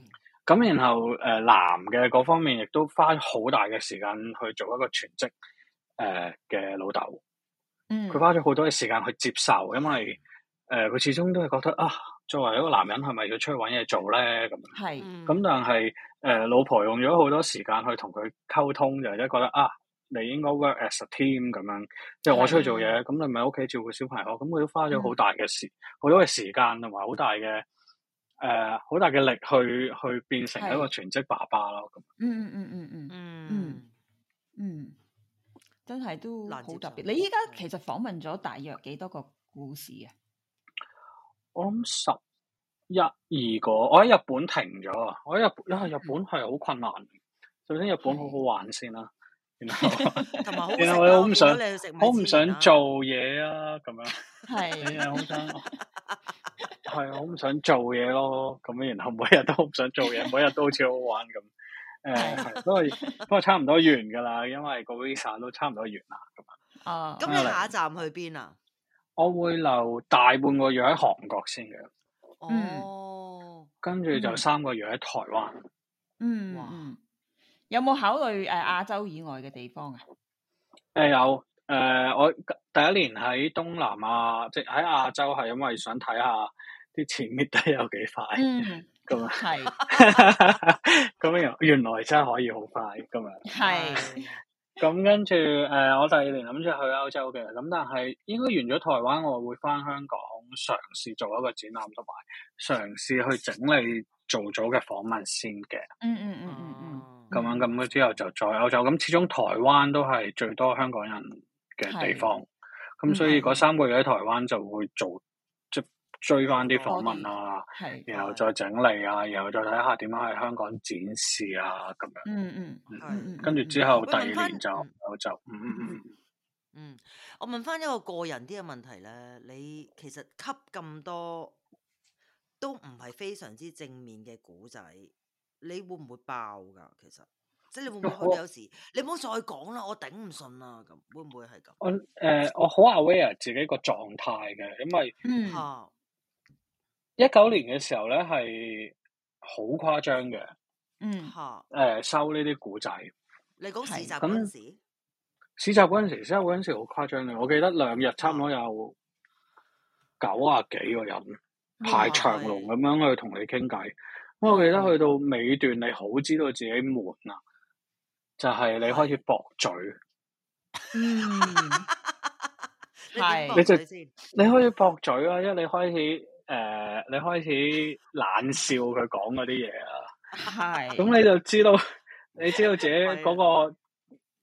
咁然後誒、呃、男嘅嗰方面亦都花好大嘅時間去做一個全職誒嘅老豆。呃、爸爸嗯，佢花咗好多嘅時間去接受，因為誒佢、呃、始終都係覺得啊，作為一個男人，係咪要出去揾嘢做咧？咁係是。咁、嗯、但係誒、呃、老婆用咗好多時間去同佢溝通，就係、是、覺得啊，你應該 work as a team 咁樣，即係我出去做嘢，咁是、嗯、你咪喺屋企照顧小朋友。咁佢都花咗好大嘅、嗯、時，好多嘅時間同埋好大嘅。誒，好大嘅力去去變成一個全職爸爸咯，咁嗯嗯嗯嗯嗯嗯嗯，真係都好特別。你依家其實訪問咗大約幾多個故事啊？我諗十一二個，我喺日本停咗啊！我喺日啊，日本係好困難。首先，日本好好玩先啦。然後，然後我好唔想，我唔想做嘢啊，咁樣係，你好想。係，好 唔想做嘢咯，咁然後每日都唔想做嘢， 每日都好似好玩咁。誒、呃，都係都係差唔多完噶啦，因為個 visa 都差唔多完啦。咁啊，咁、嗯、你下一站去邊啊？我會留大半個月喺韓國先嘅，哦，跟住就三個月喺台灣。哦、嗯，嗯有冇考慮誒亞、呃、洲以外嘅地方啊？誒、哎，有。誒，uh, 我第一年喺東南亞，啊，即喺亞洲，係因為想睇下啲錢搣得有幾快，咁樣。係，咁原原來真係可以好快，咁樣。係的。咁 跟住誒、呃，我第二年諗住去歐洲嘅，咁但係應該完咗台灣，我會翻香港嘗試做一個展覽，同埋嘗試去整理做咗嘅訪問先嘅。嗯嗯嗯嗯嗯。咁、hmm. 樣，咁之後就再歐洲。咁始終台灣都係最多香港人嘅地方，咁是所以嗰三個月喺台灣就會做，即是追翻啲訪問啊，的然後再整理啊，的然後再睇下點樣喺香港展示啊，咁樣。嗯的嗯，跟住、嗯、之後第二年就嗯就嗯嗯嗯嗯，我問翻一個個人啲嘅問題咧，你其實吸咁多都唔係非常之正面嘅故仔，你會唔會爆㗎？其實？即係你會唔會有時我你唔好再講啦，我頂唔順啦，咁會唔會係咁，呃？我誒，我好 aware 自己個狀態嘅，因為一九年嘅時候咧係好誇張嘅。嗯，吓誒，呃，收呢啲古仔，你講市集嗰陣時，市集嗰陣時，市集嗰陣時好誇張嘅。我記得兩日差唔多有九啊幾個人排長龍咁樣去同你傾偈。咁，哦，我記得去到尾段，你好知道自己悶啊。就係你開始駁嘴，係，你就你可以駁嘴啊！因為你開始誒、呃，你開始冷笑佢講嗰啲嘢啊，係。咁你就知道，你知道自己嗰、那個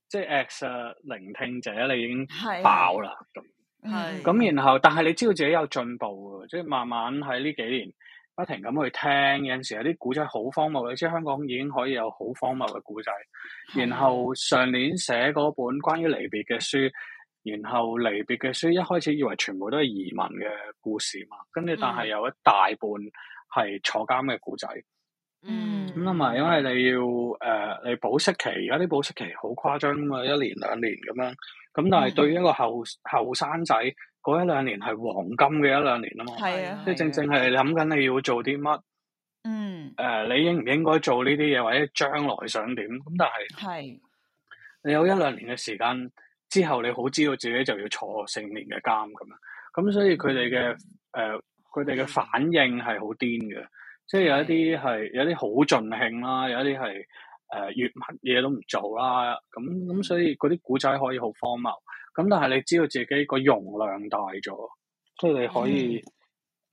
即係 的 X、啊、聆聽者，你已經爆啦咁。係 的。咁然後，但係你知道自己有進步嘅，即、就、係、是、慢慢喺呢幾年。不停咁去聽，有陣時有啲古仔好荒謬，你知香港已經可以有好荒謬嘅古仔。然後上年寫嗰本關於離別嘅書，然後離別嘅書一開始以為全部都係移民嘅故事嘛，跟住但係有一大半係坐監嘅古仔。嗯。咁同埋因為你要誒、呃，你保釋期，而家啲保釋期好誇張啊嘛，一年兩年咁樣。咁但係對於一個後後生仔，嗰一兩年係黃金嘅一兩年啊嘛，即係、啊啊啊、正正係諗緊你要做啲乜，嗯，誒、呃，你應唔應該做呢啲嘢，或者將來想點？咁但係，係是你有一兩年嘅時間之後，你好知道自己就要坐成年嘅監咁樣，咁所以佢哋嘅誒，佢哋嘅反應係好癲嘅，即係有一啲係、嗯、有啲好盡興啦，有一啲係誒乜嘢都唔做啦，咁咁所以嗰啲古仔可以好荒謬。咁但係你知道自己個容量大咗，即係你可以誒、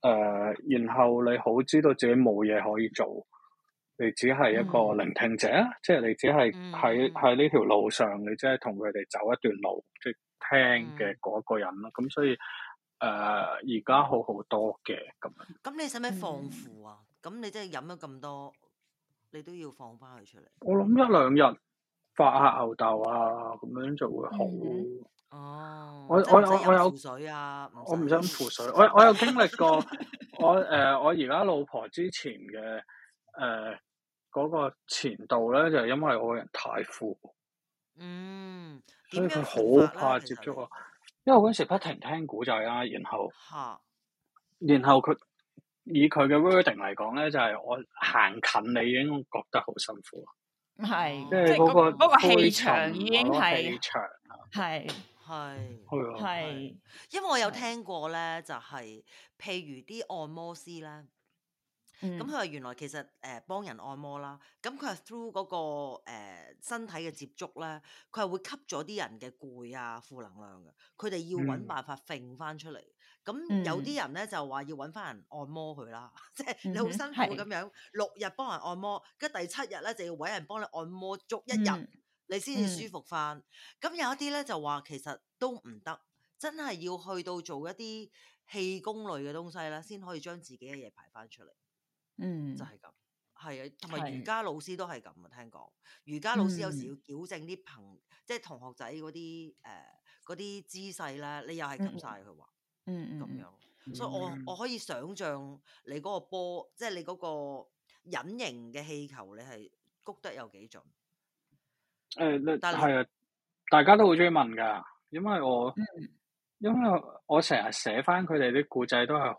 嗯呃，然後你好知道自己冇嘢可以做，你只係一個聆聽者，嗯、即係你只係喺喺呢條路上，你只係同佢哋走一段路，即係聽嘅嗰個人咯。咁、嗯、所以誒而家好好多嘅咁。咁你使唔使放負啊？咁你即係飲咗咁多，你都要放翻佢出嚟。我諗一兩日發下吽豆啊，咁樣就會好。嗯嗯哦，我我我我有，用我唔想潑水。 我我有經歷過我、呃，我誒，我而家老婆之前嘅誒嗰個前度咧，就係、是、因為我個人太富，嗯。所以佢好怕接觸我，實因為我嗰陣時不停聽古仔啦，然後，吓，Huh. 然後佢以佢嘅 wording 嚟講咧，就係、是、我行近你已經覺得好辛苦，啊。係是。即係嗰、那個嗰個氣場已經係氣場係。 係係，因為我有聽過咧，就係、是、譬如啲按摩師咧，咁佢話原來其實誒、呃、幫人按摩啦，咁佢係 through 嗰、那個、呃、身體嘅接觸咧，佢係會吸咗啲人嘅攰啊、負能量嘅，佢哋要揾辦法揈翻出嚟。咁、嗯、有啲人咧就話要揾翻人按摩佢啦，即係、嗯、 你好辛苦咁樣六日、嗯、幫人按摩，跟住第七日咧就要揾人幫你按摩足一日。嗯你先至舒服翻，咁、嗯、有一啲咧就話其實都唔得，真係要去到做一啲氣功類嘅東西啦，先可以將自己嘅嘢排翻出嚟。嗯，就係咁，係啊，同埋瑜伽老師都係咁啊。聽講瑜伽老師有時要矯正啲朋，嗯、即係同學仔嗰啲誒嗰啲姿勢啦，你又係咁晒佢話，嗯嗯咁樣。嗯、所以我我可以想象你嗰個波，即、就、係、是、你嗰個隱形嘅氣球，你係谷得有幾準。誒，你係啊，但是是大家都好中意問噶，因為我、嗯、因為我成日寫翻佢哋啲故仔都係好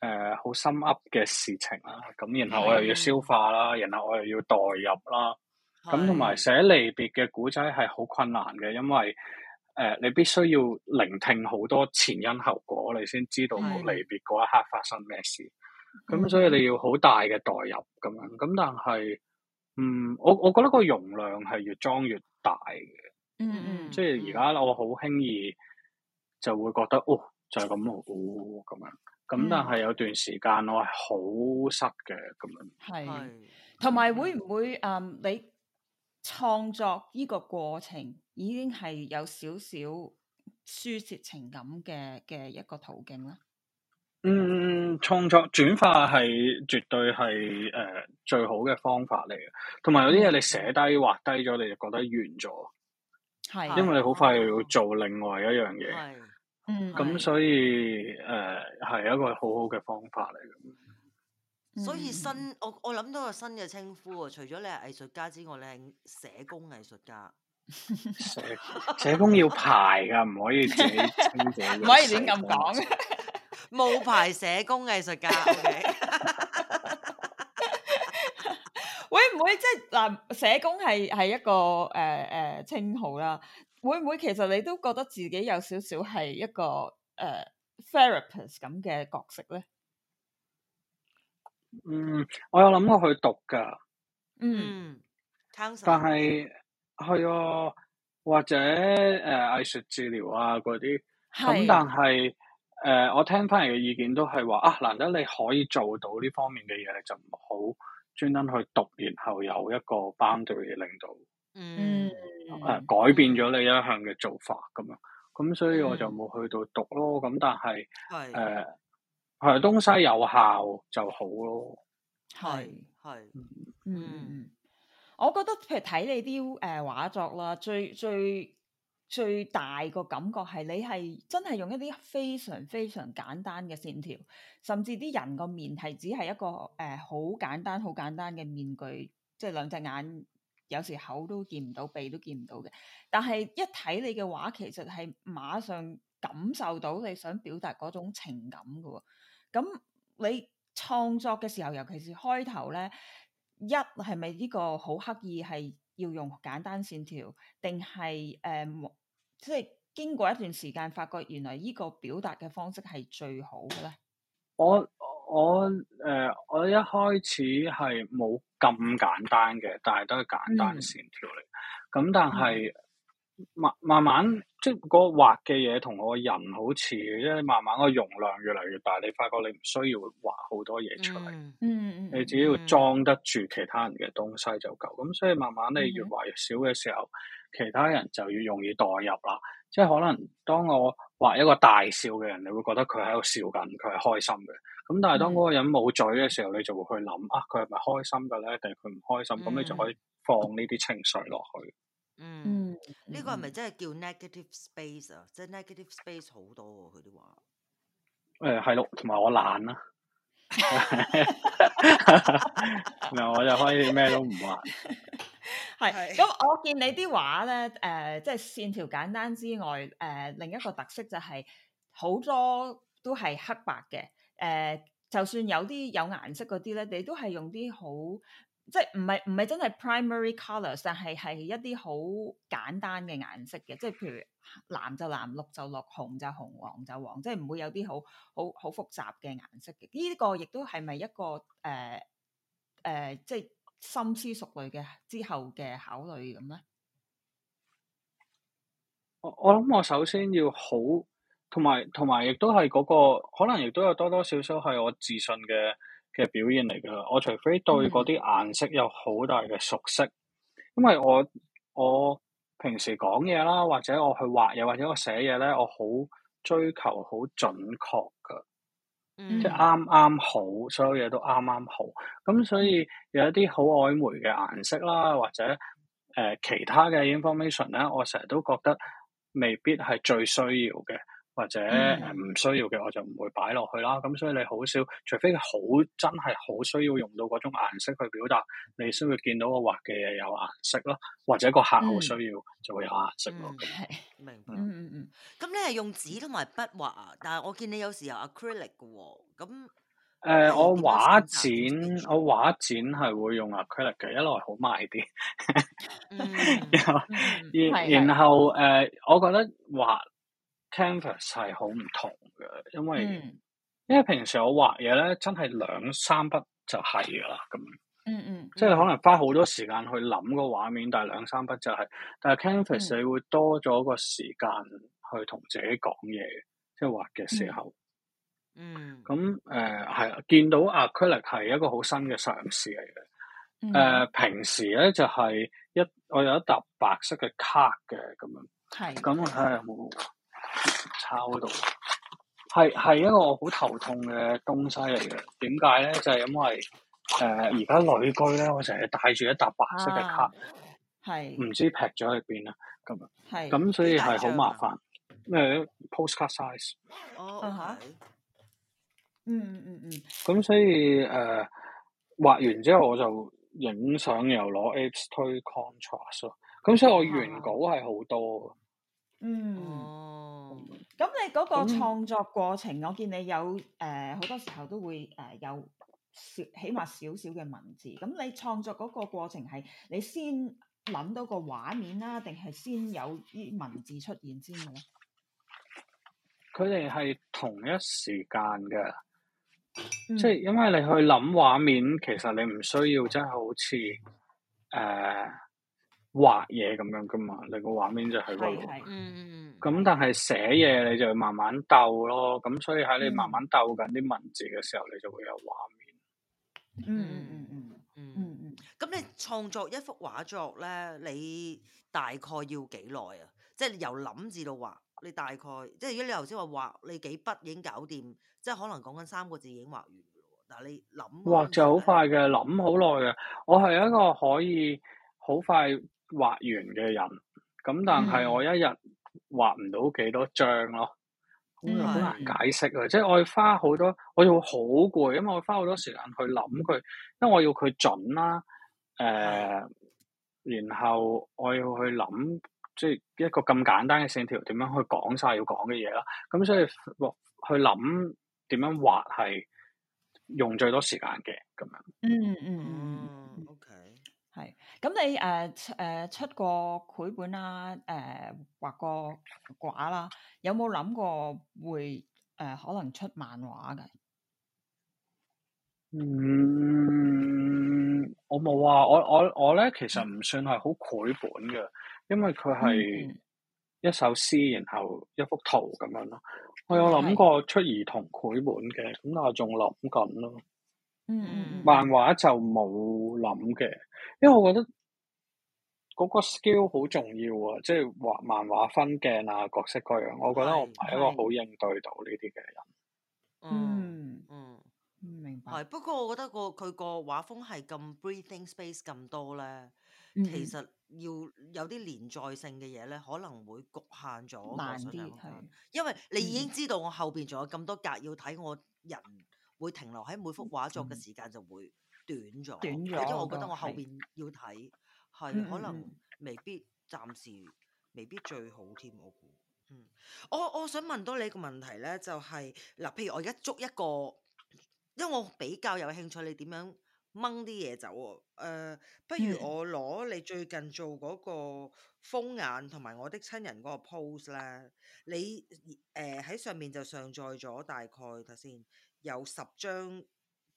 誒好深噏嘅事情啦，咁然後我又要消化啦，是然後我又要代入啦，咁同埋寫離別嘅故仔係好困難嘅，因為誒、呃、你必須要聆聽好多前因後果，你先知道離別嗰一刻發生咩事，咁是、嗯、所以你要好大嘅代入咁樣，咁但係。嗯，我我覺得個容量係越裝越大嘅，嗯嗯，即係而家我好輕易就會覺得、嗯、哦就係咁咯咁樣，咁、哦、但係有段時間我係好塞嘅咁樣，係，同埋會唔會誒、um, 你創作呢個過程已經係有少少抒泄情感嘅嘅一個途徑咧？嗯嗯。創作轉化係絕對係誒、呃、最好嘅方法嚟嘅，同埋有啲嘢你寫低畫低咗，你就覺得完咗，係 因為你好快又要做另外一樣嘢，係嗯，咁所以誒係、呃、一個好好嘅方法嚟嘅。所以新我我諗到個新嘅稱呼，除咗你係藝術家之外，你係社工藝術家。社 社工要排噶，唔可以自己，清自己。唔 可以亂咁講。冒牌社工藝術家，會唔會即係嗱？社工係係一個誒誒稱號啦，會唔會其實你都覺得自己有少少係一個誒、呃、therapist 咁嘅角色咧？嗯，我有諗過去讀㗎，嗯，但係係啊，或者誒、呃、藝術治療啊嗰啲咁，是但係。誒、呃，我聽翻嚟嘅意見都係話啊，難得你可以做到呢方面嘅嘢，你就唔好專登去讀，然後有一個 boundary 領導，嗯，誒、呃，改變咗你一向嘅做法咁樣，咁所以我就冇去到讀咯。咁但係，係誒、嗯，係、呃、東西有效就好咯。係係，嗯，嗯，嗯，我覺得譬如睇你啲誒畫作啦，最最。最大個感覺係你係真係用一啲非常非常簡單嘅線條，甚至啲人個面係只係一個誒好、呃、簡單好簡單嘅面具，即係兩隻眼，有時口都見唔到，鼻都見唔到嘅。但係一睇你嘅畫，其實係馬上感受到你想表達嗰種情感嘅喎。咁你創作嘅時候，尤其是開頭咧，一係咪呢個好刻意係要用簡單線條，定係誒？呃即係經過一段時間，發覺原來呢個表達嘅方式係最好嘅咧。我我誒、呃，我一開始係冇咁簡單嘅，但係都係簡單線條嚟。咁、嗯、但係慢慢慢。即係嗰、嗰個畫嘅嘢同我個人好似，因為慢慢個容量越嚟越大，你發覺你唔需要畫好多嘢出嚟，嗯嗯、你只要裝得住其他人嘅東西就夠。咁所以慢慢你越畫越少嘅時候，嗯、其他人就越容易代入啦。即係可能當我畫一個大笑嘅人，你會覺得佢喺度笑緊，佢係開心嘅。咁但係當嗰個人冇嘴嘅時候，你就會去諗啊，佢係咪開心嘅咧？定係佢唔開心？咁你就可以放呢啲情緒落去。嗯，呢、嗯、個係咪真係叫 negative space 啊？嗯、即係 negative space 好多、哦，佢啲畫。誒、嗯，係咯，同埋我懶啦。嗱 我就可以咩都唔畫。係，咁我見你啲畫咧，誒、呃，即係線條簡單之外，誒、呃，另一個特色就係、是、好多都係黑白嘅。誒、呃，就算有啲有顏色嗰啲咧，你都係用啲好。即係唔係唔係真係 primary colors 但係係一啲好簡單嘅顏色嘅，即係譬如藍就藍，綠就綠，紅就紅，黃就黃，即係唔會有啲好好好複雜嘅顏色嘅。呢、這個亦都係咪一個誒誒、呃呃，即係深思熟慮嘅之後嘅考慮咁咧？我我諗我首先要好，同埋同埋亦都係嗰個，可能亦都有多多少少係我自信嘅。嘅表現嚟㗎啦，我除非對嗰啲顏色有好大嘅熟悉，mm hmm. 因為我我平時講嘢啦，或者我去畫嘢，或者我寫嘢咧，我好追求好準確㗎，mm hmm. 即係啱啱好，所有嘢都啱啱好。咁所以有一啲好曖昧嘅顏色啦，或者誒、呃、其他嘅 information 咧，我成日都覺得未必係最需要嘅。或者唔需要嘅我就唔會擺落去啦，咁所以你好少，除非好真係好需要用到嗰種顏色去表達，你先會見到個畫嘅嘢有顏色咯，或者個客戶需要就會有顏色咯。係，明白。嗯嗯。咁你係用紙同埋筆畫，但係我見你有時有 acrylic 嘅，咁誒我畫展我畫展係會用 acrylic 嘅，一來好賣啲， 然後然 的然後誒的、呃，我覺得畫。Canvas 係好唔同嘅，因為因為平時我畫嘢咧，真係兩三筆就係㗎啦。咁，嗯嗯，即係可能花好多時間去諗個畫面，但係兩三筆就係。但係 Canvas 你會多咗個時間去同自己講嘢，即係畫嘅時候。嗯，咁，誒，係，見到 Acrylic 係一個好新嘅嘗試嚟嘅。誒，平時咧，就係一我有一沓白色嘅卡嘅咁樣，係，咁我睇下有冇。抄到，係係一個好頭痛嘅東西嚟嘅。點解咧？就係、是、因為誒而家旅居咧，我成日帶住一沓白色嘅卡，係唔、啊、知劈咗去邊啦。咁咁是所以係好麻煩。咩的？Postcard size？哦吓，嗯嗯嗯嗯。咁、huh. mm hmm. 所以誒畫、呃、完之後，我就影相又攞 Apps 推 contrast 咯。咁所以我原稿係好多、uh huh. mm hmm. 嗯。咁你嗰個創作過程，嗯、我見你有誒好、呃、多時候都會誒、呃、有少，起碼少少嘅文字。咁你創作嗰個過程係你先諗到個畫面啦、啊，定係先有啲文字出現先嘅咧？佢哋係同一時間嘅，嗯、即係因為你去諗畫面，其實你唔需要真係好似誒。呃畫嘢咁樣噶嘛，你個畫面就喺嗰度。咁、嗯、但係寫嘢你就慢慢鬥咯，咁所以喺你慢慢鬥緊啲文字嘅時候，嗯、你就會有畫面。嗯嗯嗯嗯嗯嗯嗯，咁你創作一幅畫作咧，你大概要幾耐啊？即係由諗字到畫，你大概即係如果你頭先話畫你幾筆已經搞掂，即係可能講緊三個字已經畫完。嗱、就是，你諗畫就好快嘅，諗好耐嘅。我係一個可以好快。畫完嘅人，咁但係我一日畫唔到幾多張咯，咁又好難解釋啊！嗯、即係我要花好多，我要好攰，因為我花好多時間去諗佢，因為我要佢準啦，誒、呃，嗯、然後我要去諗，即係一個咁簡單嘅線條，點樣去講晒要講嘅嘢啦。咁所以去諗點樣畫係用最多時間嘅，咁樣。嗯嗯。嗯嗯咁你誒誒出過繪本啦，誒畫過畫啦，有冇諗過會誒可能出漫畫㗎？嗯，我冇啊！我我我咧，其實唔算係好繪本嘅，因為佢係一首詩，然後一幅圖咁樣咯。我有諗過出兒童繪本嘅，咁我仲諗緊咯。嗯，嗯，嗯漫畫就冇諗嘅，因為我覺得嗰個 skill 好重要啊，即係畫漫畫分鏡啊，角色各樣，我覺得我唔係一個好應對到呢啲嘅人。嗯嗯，嗯明白。不過我覺得，嗰個佢個畫風係咁 breathing space 咁多咧，嗯，其實要有啲連載性嘅嘢咧，可能會局限咗。慢啲是因為你已經知道我後面仲有咁多格要睇我人。會停留喺每幅畫作嘅時間就會短咗，即係、嗯、我覺得我後邊要睇係可能未必暫時未必最好添，我估、嗯。我想問多你個問題呢、就係，就係嗱，譬如我而家捉一個，因為我比較有興趣你，你點樣掹啲嘢走喎？不如我攞你最近做嗰個風眼同埋我的親人嗰個 pose 呢，你誒喺上面就上載咗大概，頭先，有十張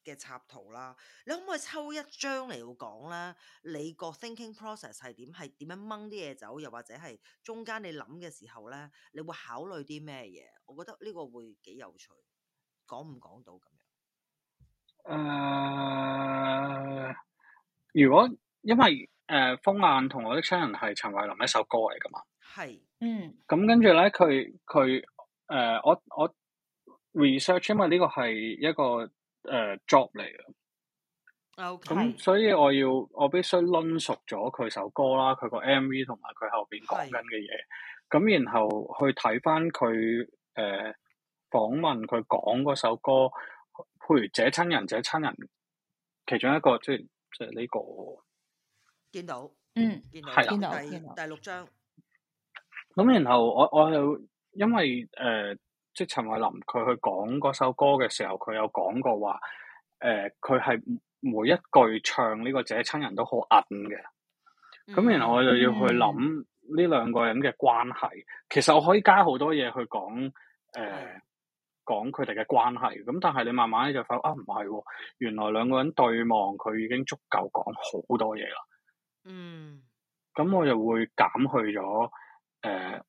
嘅插圖啦，你可唔可以抽一張嚟度講咧？你個 thinking process 係點？係點樣掹啲嘢走？又或者係中間你諗嘅時候咧，你會考慮啲咩嘢？我覺得呢個會幾有趣，講唔講到咁樣？誒、呃，如果因為誒、呃《風眼》同我的親人係陳慧琳一首歌嚟噶嘛？係是、嗯，嗯。咁跟住咧，佢佢誒，我我。research 因為呢個係一個誒、呃、job 嚟嘅，咁 Okay.、嗯、所以我要我必須論熟咗佢首歌啦，佢個 M.V. 同埋佢後邊講緊嘅嘢，咁的然後去睇翻佢誒訪問佢講嗰首歌，譬如這親人，這親人，其中一個即係即係呢個見到，嗯，係啦到的，見到第，第六章。咁然後我我因為誒。呃呃呃呃即係陳慧琳佢去講嗰首歌嘅時候，佢有講過話，誒、呃，佢係每一句唱呢個者親人都好韌嘅。咁然後我就要去諗呢兩個人嘅關係。其實我可以加好多嘢去講，誒、呃，講佢哋嘅關係。咁但係你慢慢咧就發覺啊，唔係，原來兩個人對望，佢已經足夠講好多嘢啦。嗯。咁我就會減去咗，誒、呃。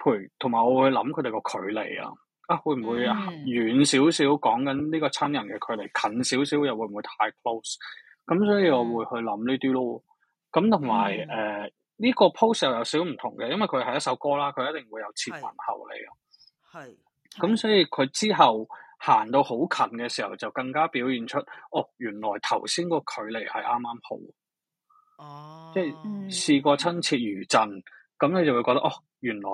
陪，同埋我會諗佢哋個距離啊，啊會唔會遠少少？講緊呢個親人嘅距離近少少又會唔會太 close？咁所以我會去諗呢啲咯。咁、mm. 呃這個、同埋誒呢個 pose 又有少少唔同嘅，因為佢係一首歌啦，佢一定會有切混後嚟啊。係，咁所以佢之後行到好近嘅時候，就更加表現出、mm. 哦，原來頭先個距離係啱啱好。哦、mm.，即係試過親切如陣，咁你就會覺得哦，原來。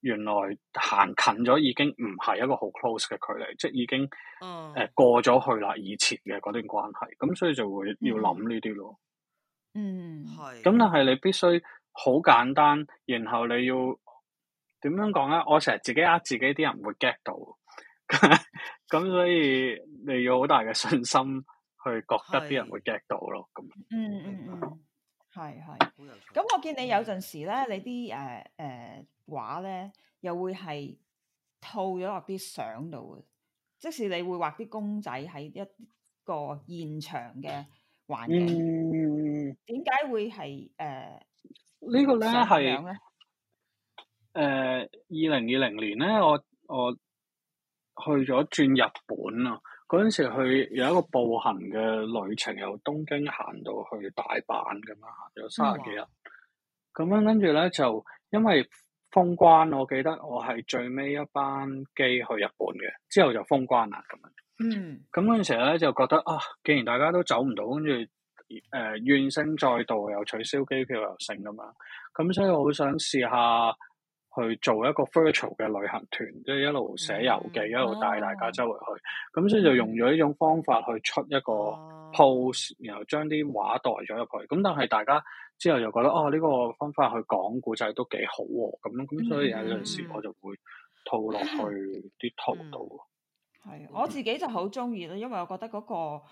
原來行近咗已經唔係一個好 close 嘅距離，即係已經誒、嗯、過咗去啦，以前嘅嗰段關係，咁所以就會要諗呢啲咯。嗯，係。咁但係你必須好簡單，然後你要點樣講咧？我成日自己呃自己，啲人會 get 到，咁 所以你要好大嘅信心去覺得啲人會 get 到咯。咁的麼、嗯，嗯嗯嗯，係係的。咁的我見你有陣時咧，你啲誒誒。呃呃畫咧又會係套咗落啲相度嘅，即使你會畫啲公仔喺一個現場嘅環境，點解、嗯、會係誒？呃、個呢個咧係誒二零二零年咧，我我去咗轉日本啊！嗰陣時去有一個步行嘅旅程，由東京行到去大阪咁樣，行咗三十幾日。咁、嗯、樣跟住咧就因為封關，我記得我係最尾一班機去日本嘅，之後就封關啦咁樣。嗯，咁嗰陣時咧就覺得啊，既然大家都走唔到，跟住誒怨聲載道，又取消機票又剩噶嘛，咁所以我好想試下。去做一個 virtual 嘅旅行團，即、就、係、是、一路寫遊記，mm hmm. 一路帶大家周圍去。咁、mm hmm. 所以就用咗呢種方法去出一個 post，mm hmm. 然後將啲畫代咗入去。咁但係大家之後就覺得哦，呢、這個方法去講古仔都幾好喎。咁咁所以有陣時我就會套落去啲圖度。係、mm hmm. 我自己就好中意咯，因為我覺得嗰、那個、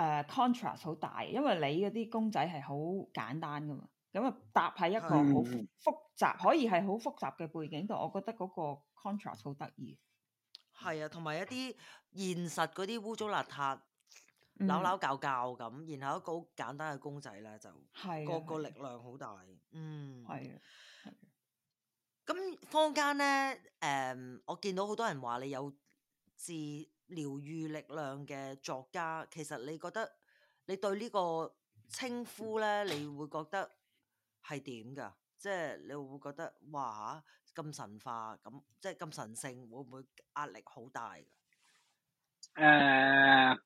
uh, contrast 好大，因為你嗰啲公仔係好簡單噶嘛。咁啊，搭喺一個好複雜，可以係好複雜嘅背景度，我覺得嗰個 contrast 好得意。係啊，同埋一啲現實嗰啲污糟邋遢、扭扭教教咁，然後一個好簡單嘅公仔咧，就、啊、個個力量好大。啊、嗯，係、啊。咁、啊、坊間咧，誒、嗯，我見到好多人話你有治療癒力量嘅作家，其實你覺得你對呢個稱呼咧，你會覺得？係點㗎？即係你會唔會覺得哇嚇咁神化咁，即係咁神聖，會唔會壓力好大？誒、呃，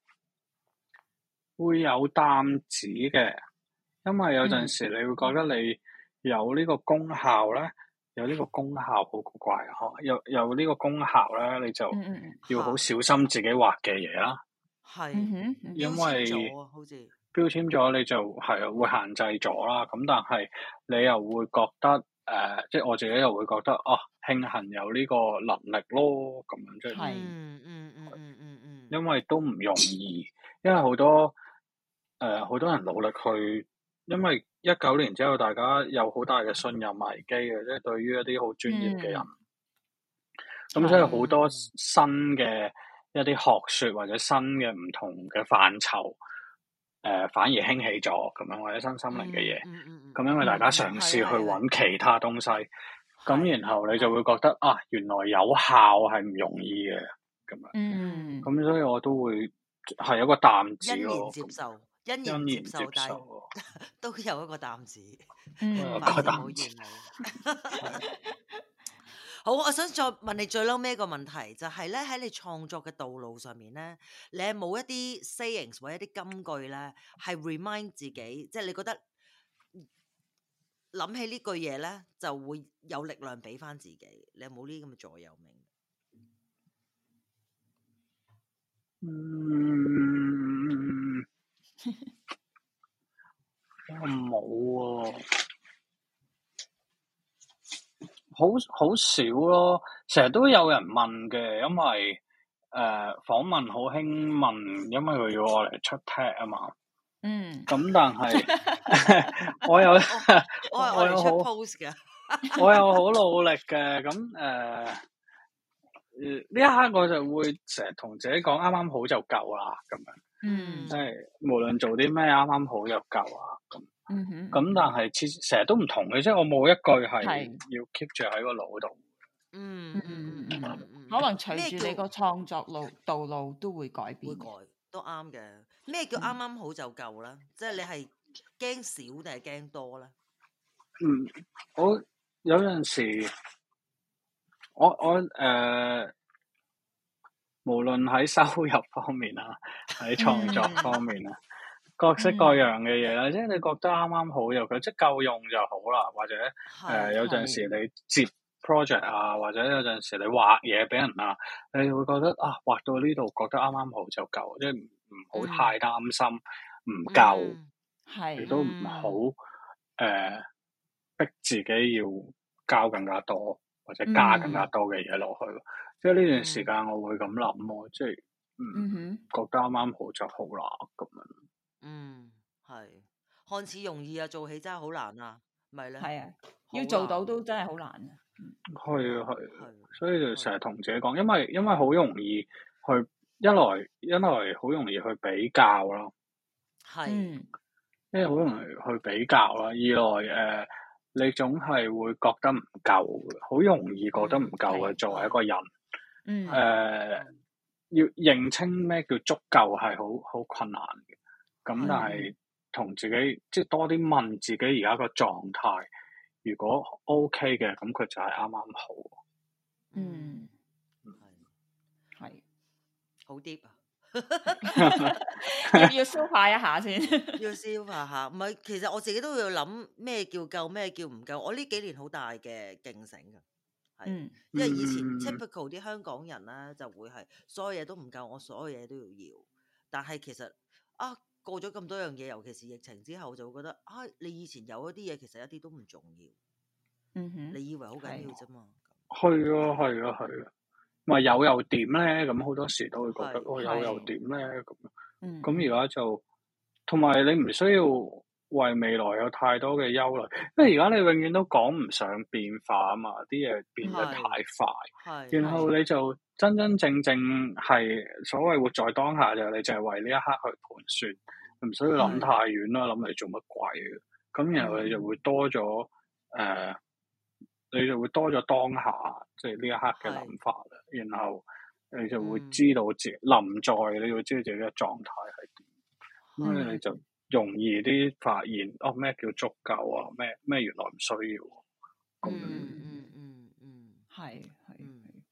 會有擔子嘅，因為有陣時你會覺得你有呢個功效咧，有呢個功效好古怪，嗬！有有呢個功效咧，你就要好小心自己畫嘅嘢啦。係，因為。標籤咗你就係會限制咗啦，咁但係你又會覺得誒、呃，即係我自己又會覺得哦、啊，慶幸有呢個能力咯，咁樣即係。係是，嗯嗯嗯嗯嗯嗯。因為都唔容易，因為好多誒好、呃、多人努力去，因為一九年之後大家有好大嘅信任危機嘅，即係對於一啲好專業嘅人。咁是、嗯、所以好多新嘅一啲學説或者新嘅唔同嘅範疇。誒、呃，反而興起咗咁樣或者新心靈嘅嘢，咁、嗯嗯嗯、因為大家嘗試去揾其他東西，咁、嗯嗯嗯、然後你就會覺得啊，原來有效係唔容易嘅，咁樣，嗯，咁所以我都會係有個擔子咯、哦，接受，欣然接受，接受都有一個擔子，嗯嗯、好願你、嗯。 好，我想再問你最嬲咩個問題，就係咧喺你創作嘅道路上面咧，你有冇一啲 sayings 或者一啲金句咧，係 remind 自己，即係你覺得諗起呢句嘢咧就會有力量俾翻自己？你有冇呢啲咁嘅座右銘？嗯，我冇喎。好好少咯，成日都有人問嘅，因為誒、呃、訪問好興問，因為佢要我嚟出 tag 啊嘛。嗯。咁但係 我 我， 我有， 我有好嘅，我又好努力嘅，咁誒、呢、呃、一刻我就會成日同自己講，啱啱好就夠啦，咁樣。嗯。即係無論做啲咩，啱啱好就夠啊咁。咁、嗯、但係，次成日都唔同嘅，即係我冇一句係要 keep 住喺個腦度。嗯，嗯嗯嗯嗯嗯嗯嗯，可能隨住你個創作路道路都會改變，都啱嘅。咩叫啱啱好就夠啦？即係你係驚少定係驚多咧？嗯，嗯我有陣時，我我誒、呃，無論喺收入方面啊，喺創作方面啊。 嗯各式各樣嘅嘢啦，嗯、即係你覺得啱啱好又佢即係夠用就好啦，或者誒是、呃、有陣時你接 project 啊，或者有陣時你畫嘢俾人啊，你會覺得啊畫到呢度覺得啱啱好就夠，即係唔好太擔心唔夠，係你都唔好誒逼自己要交更加多或者加更加多嘅嘢落去，嗯嗯、即係呢段時間我會咁諗咯，即係嗯，嗯覺得啱啱好就好啦咁樣。嗯，係，看似容易啊，做起真係好難啊，咪係咧？係啊，難，要做到都真係好難啊。係啊，係，所以就成日同自己講，因為因為好容易去一來一來好容易去比較咯，係，即係好容易去比較咯。二來誒，你總係會覺得唔夠，好容易覺得唔夠嘅。作為一個人，嗯，誒，要認清咩叫足夠係好好困難嘅。咁但係同自己即係多啲問自己而家個狀態，如果 OK 嘅，咁佢就係啱啱好。嗯，係係好啲啊！要要消化一下先，要消化下。唔係，其實我自己都要諗咩叫夠，咩叫唔夠。我呢幾年好大嘅勁醒噶，係，因為以前 typical 啲香港人咧，就會係所有嘢都唔夠，我所有嘢都要要。但係其實啊。過咗咁多樣嘢，尤其是疫情之後，就會覺得啊，你以前有一啲嘢，其實一啲都唔重要。嗯哼，你以為好緊要啫嘛？係咯，係咯，係咯。咪有又點咧？咁好多時都會覺得，我是有又點咧？咁的，咁、嗯、而家就同埋你唔需要為未來有太多嘅憂慮，因為而家你永遠都講唔上變化啊嘛，啲嘢變得太快。係，然後你就真真正正係所謂活在當下就，你就係為呢一刻去盤算。唔使諗太遠啦，諗嚟的做乜鬼？咁然後你就會多咗，誒、呃，你就會多咗當下，即係呢一刻嘅諗法啦。的然後你就會知道自己臨、嗯、在，你會知道自己嘅狀態係點。咁的你就容易啲發現哦咩叫足夠啊？咩咩原來唔需要咁、啊的嗯。嗯嗯嗯嗯，係、嗯、係。嗯、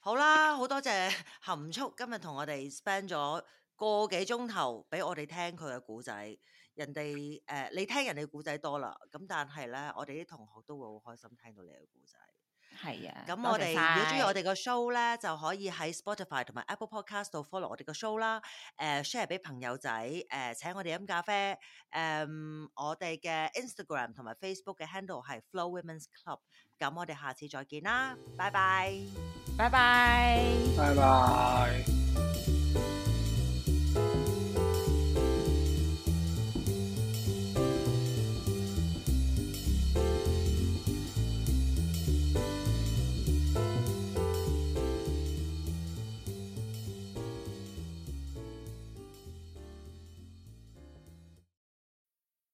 好啦，好多謝含蓄今日同我哋 spend 咗。個幾鐘頭俾我哋聽佢嘅故仔，人哋誒、呃，你聽人哋故仔多啦，咁但係咧，我哋啲同學都會好開心聽到你嘅故仔，係啊。咁、嗯、我哋謝如果中意我哋個 show 咧，就可以喺 Spotify 同埋 Apple Podcast 度 follow 我哋個 show 啦。誒，share 俾朋友仔，誒、呃，請我哋飲咖啡。誒、呃，我哋嘅 Instagram 同埋 Facebook 嘅 handle 係 Flo Women’s Club。咁我哋下次再見啦，拜拜，拜拜，拜拜。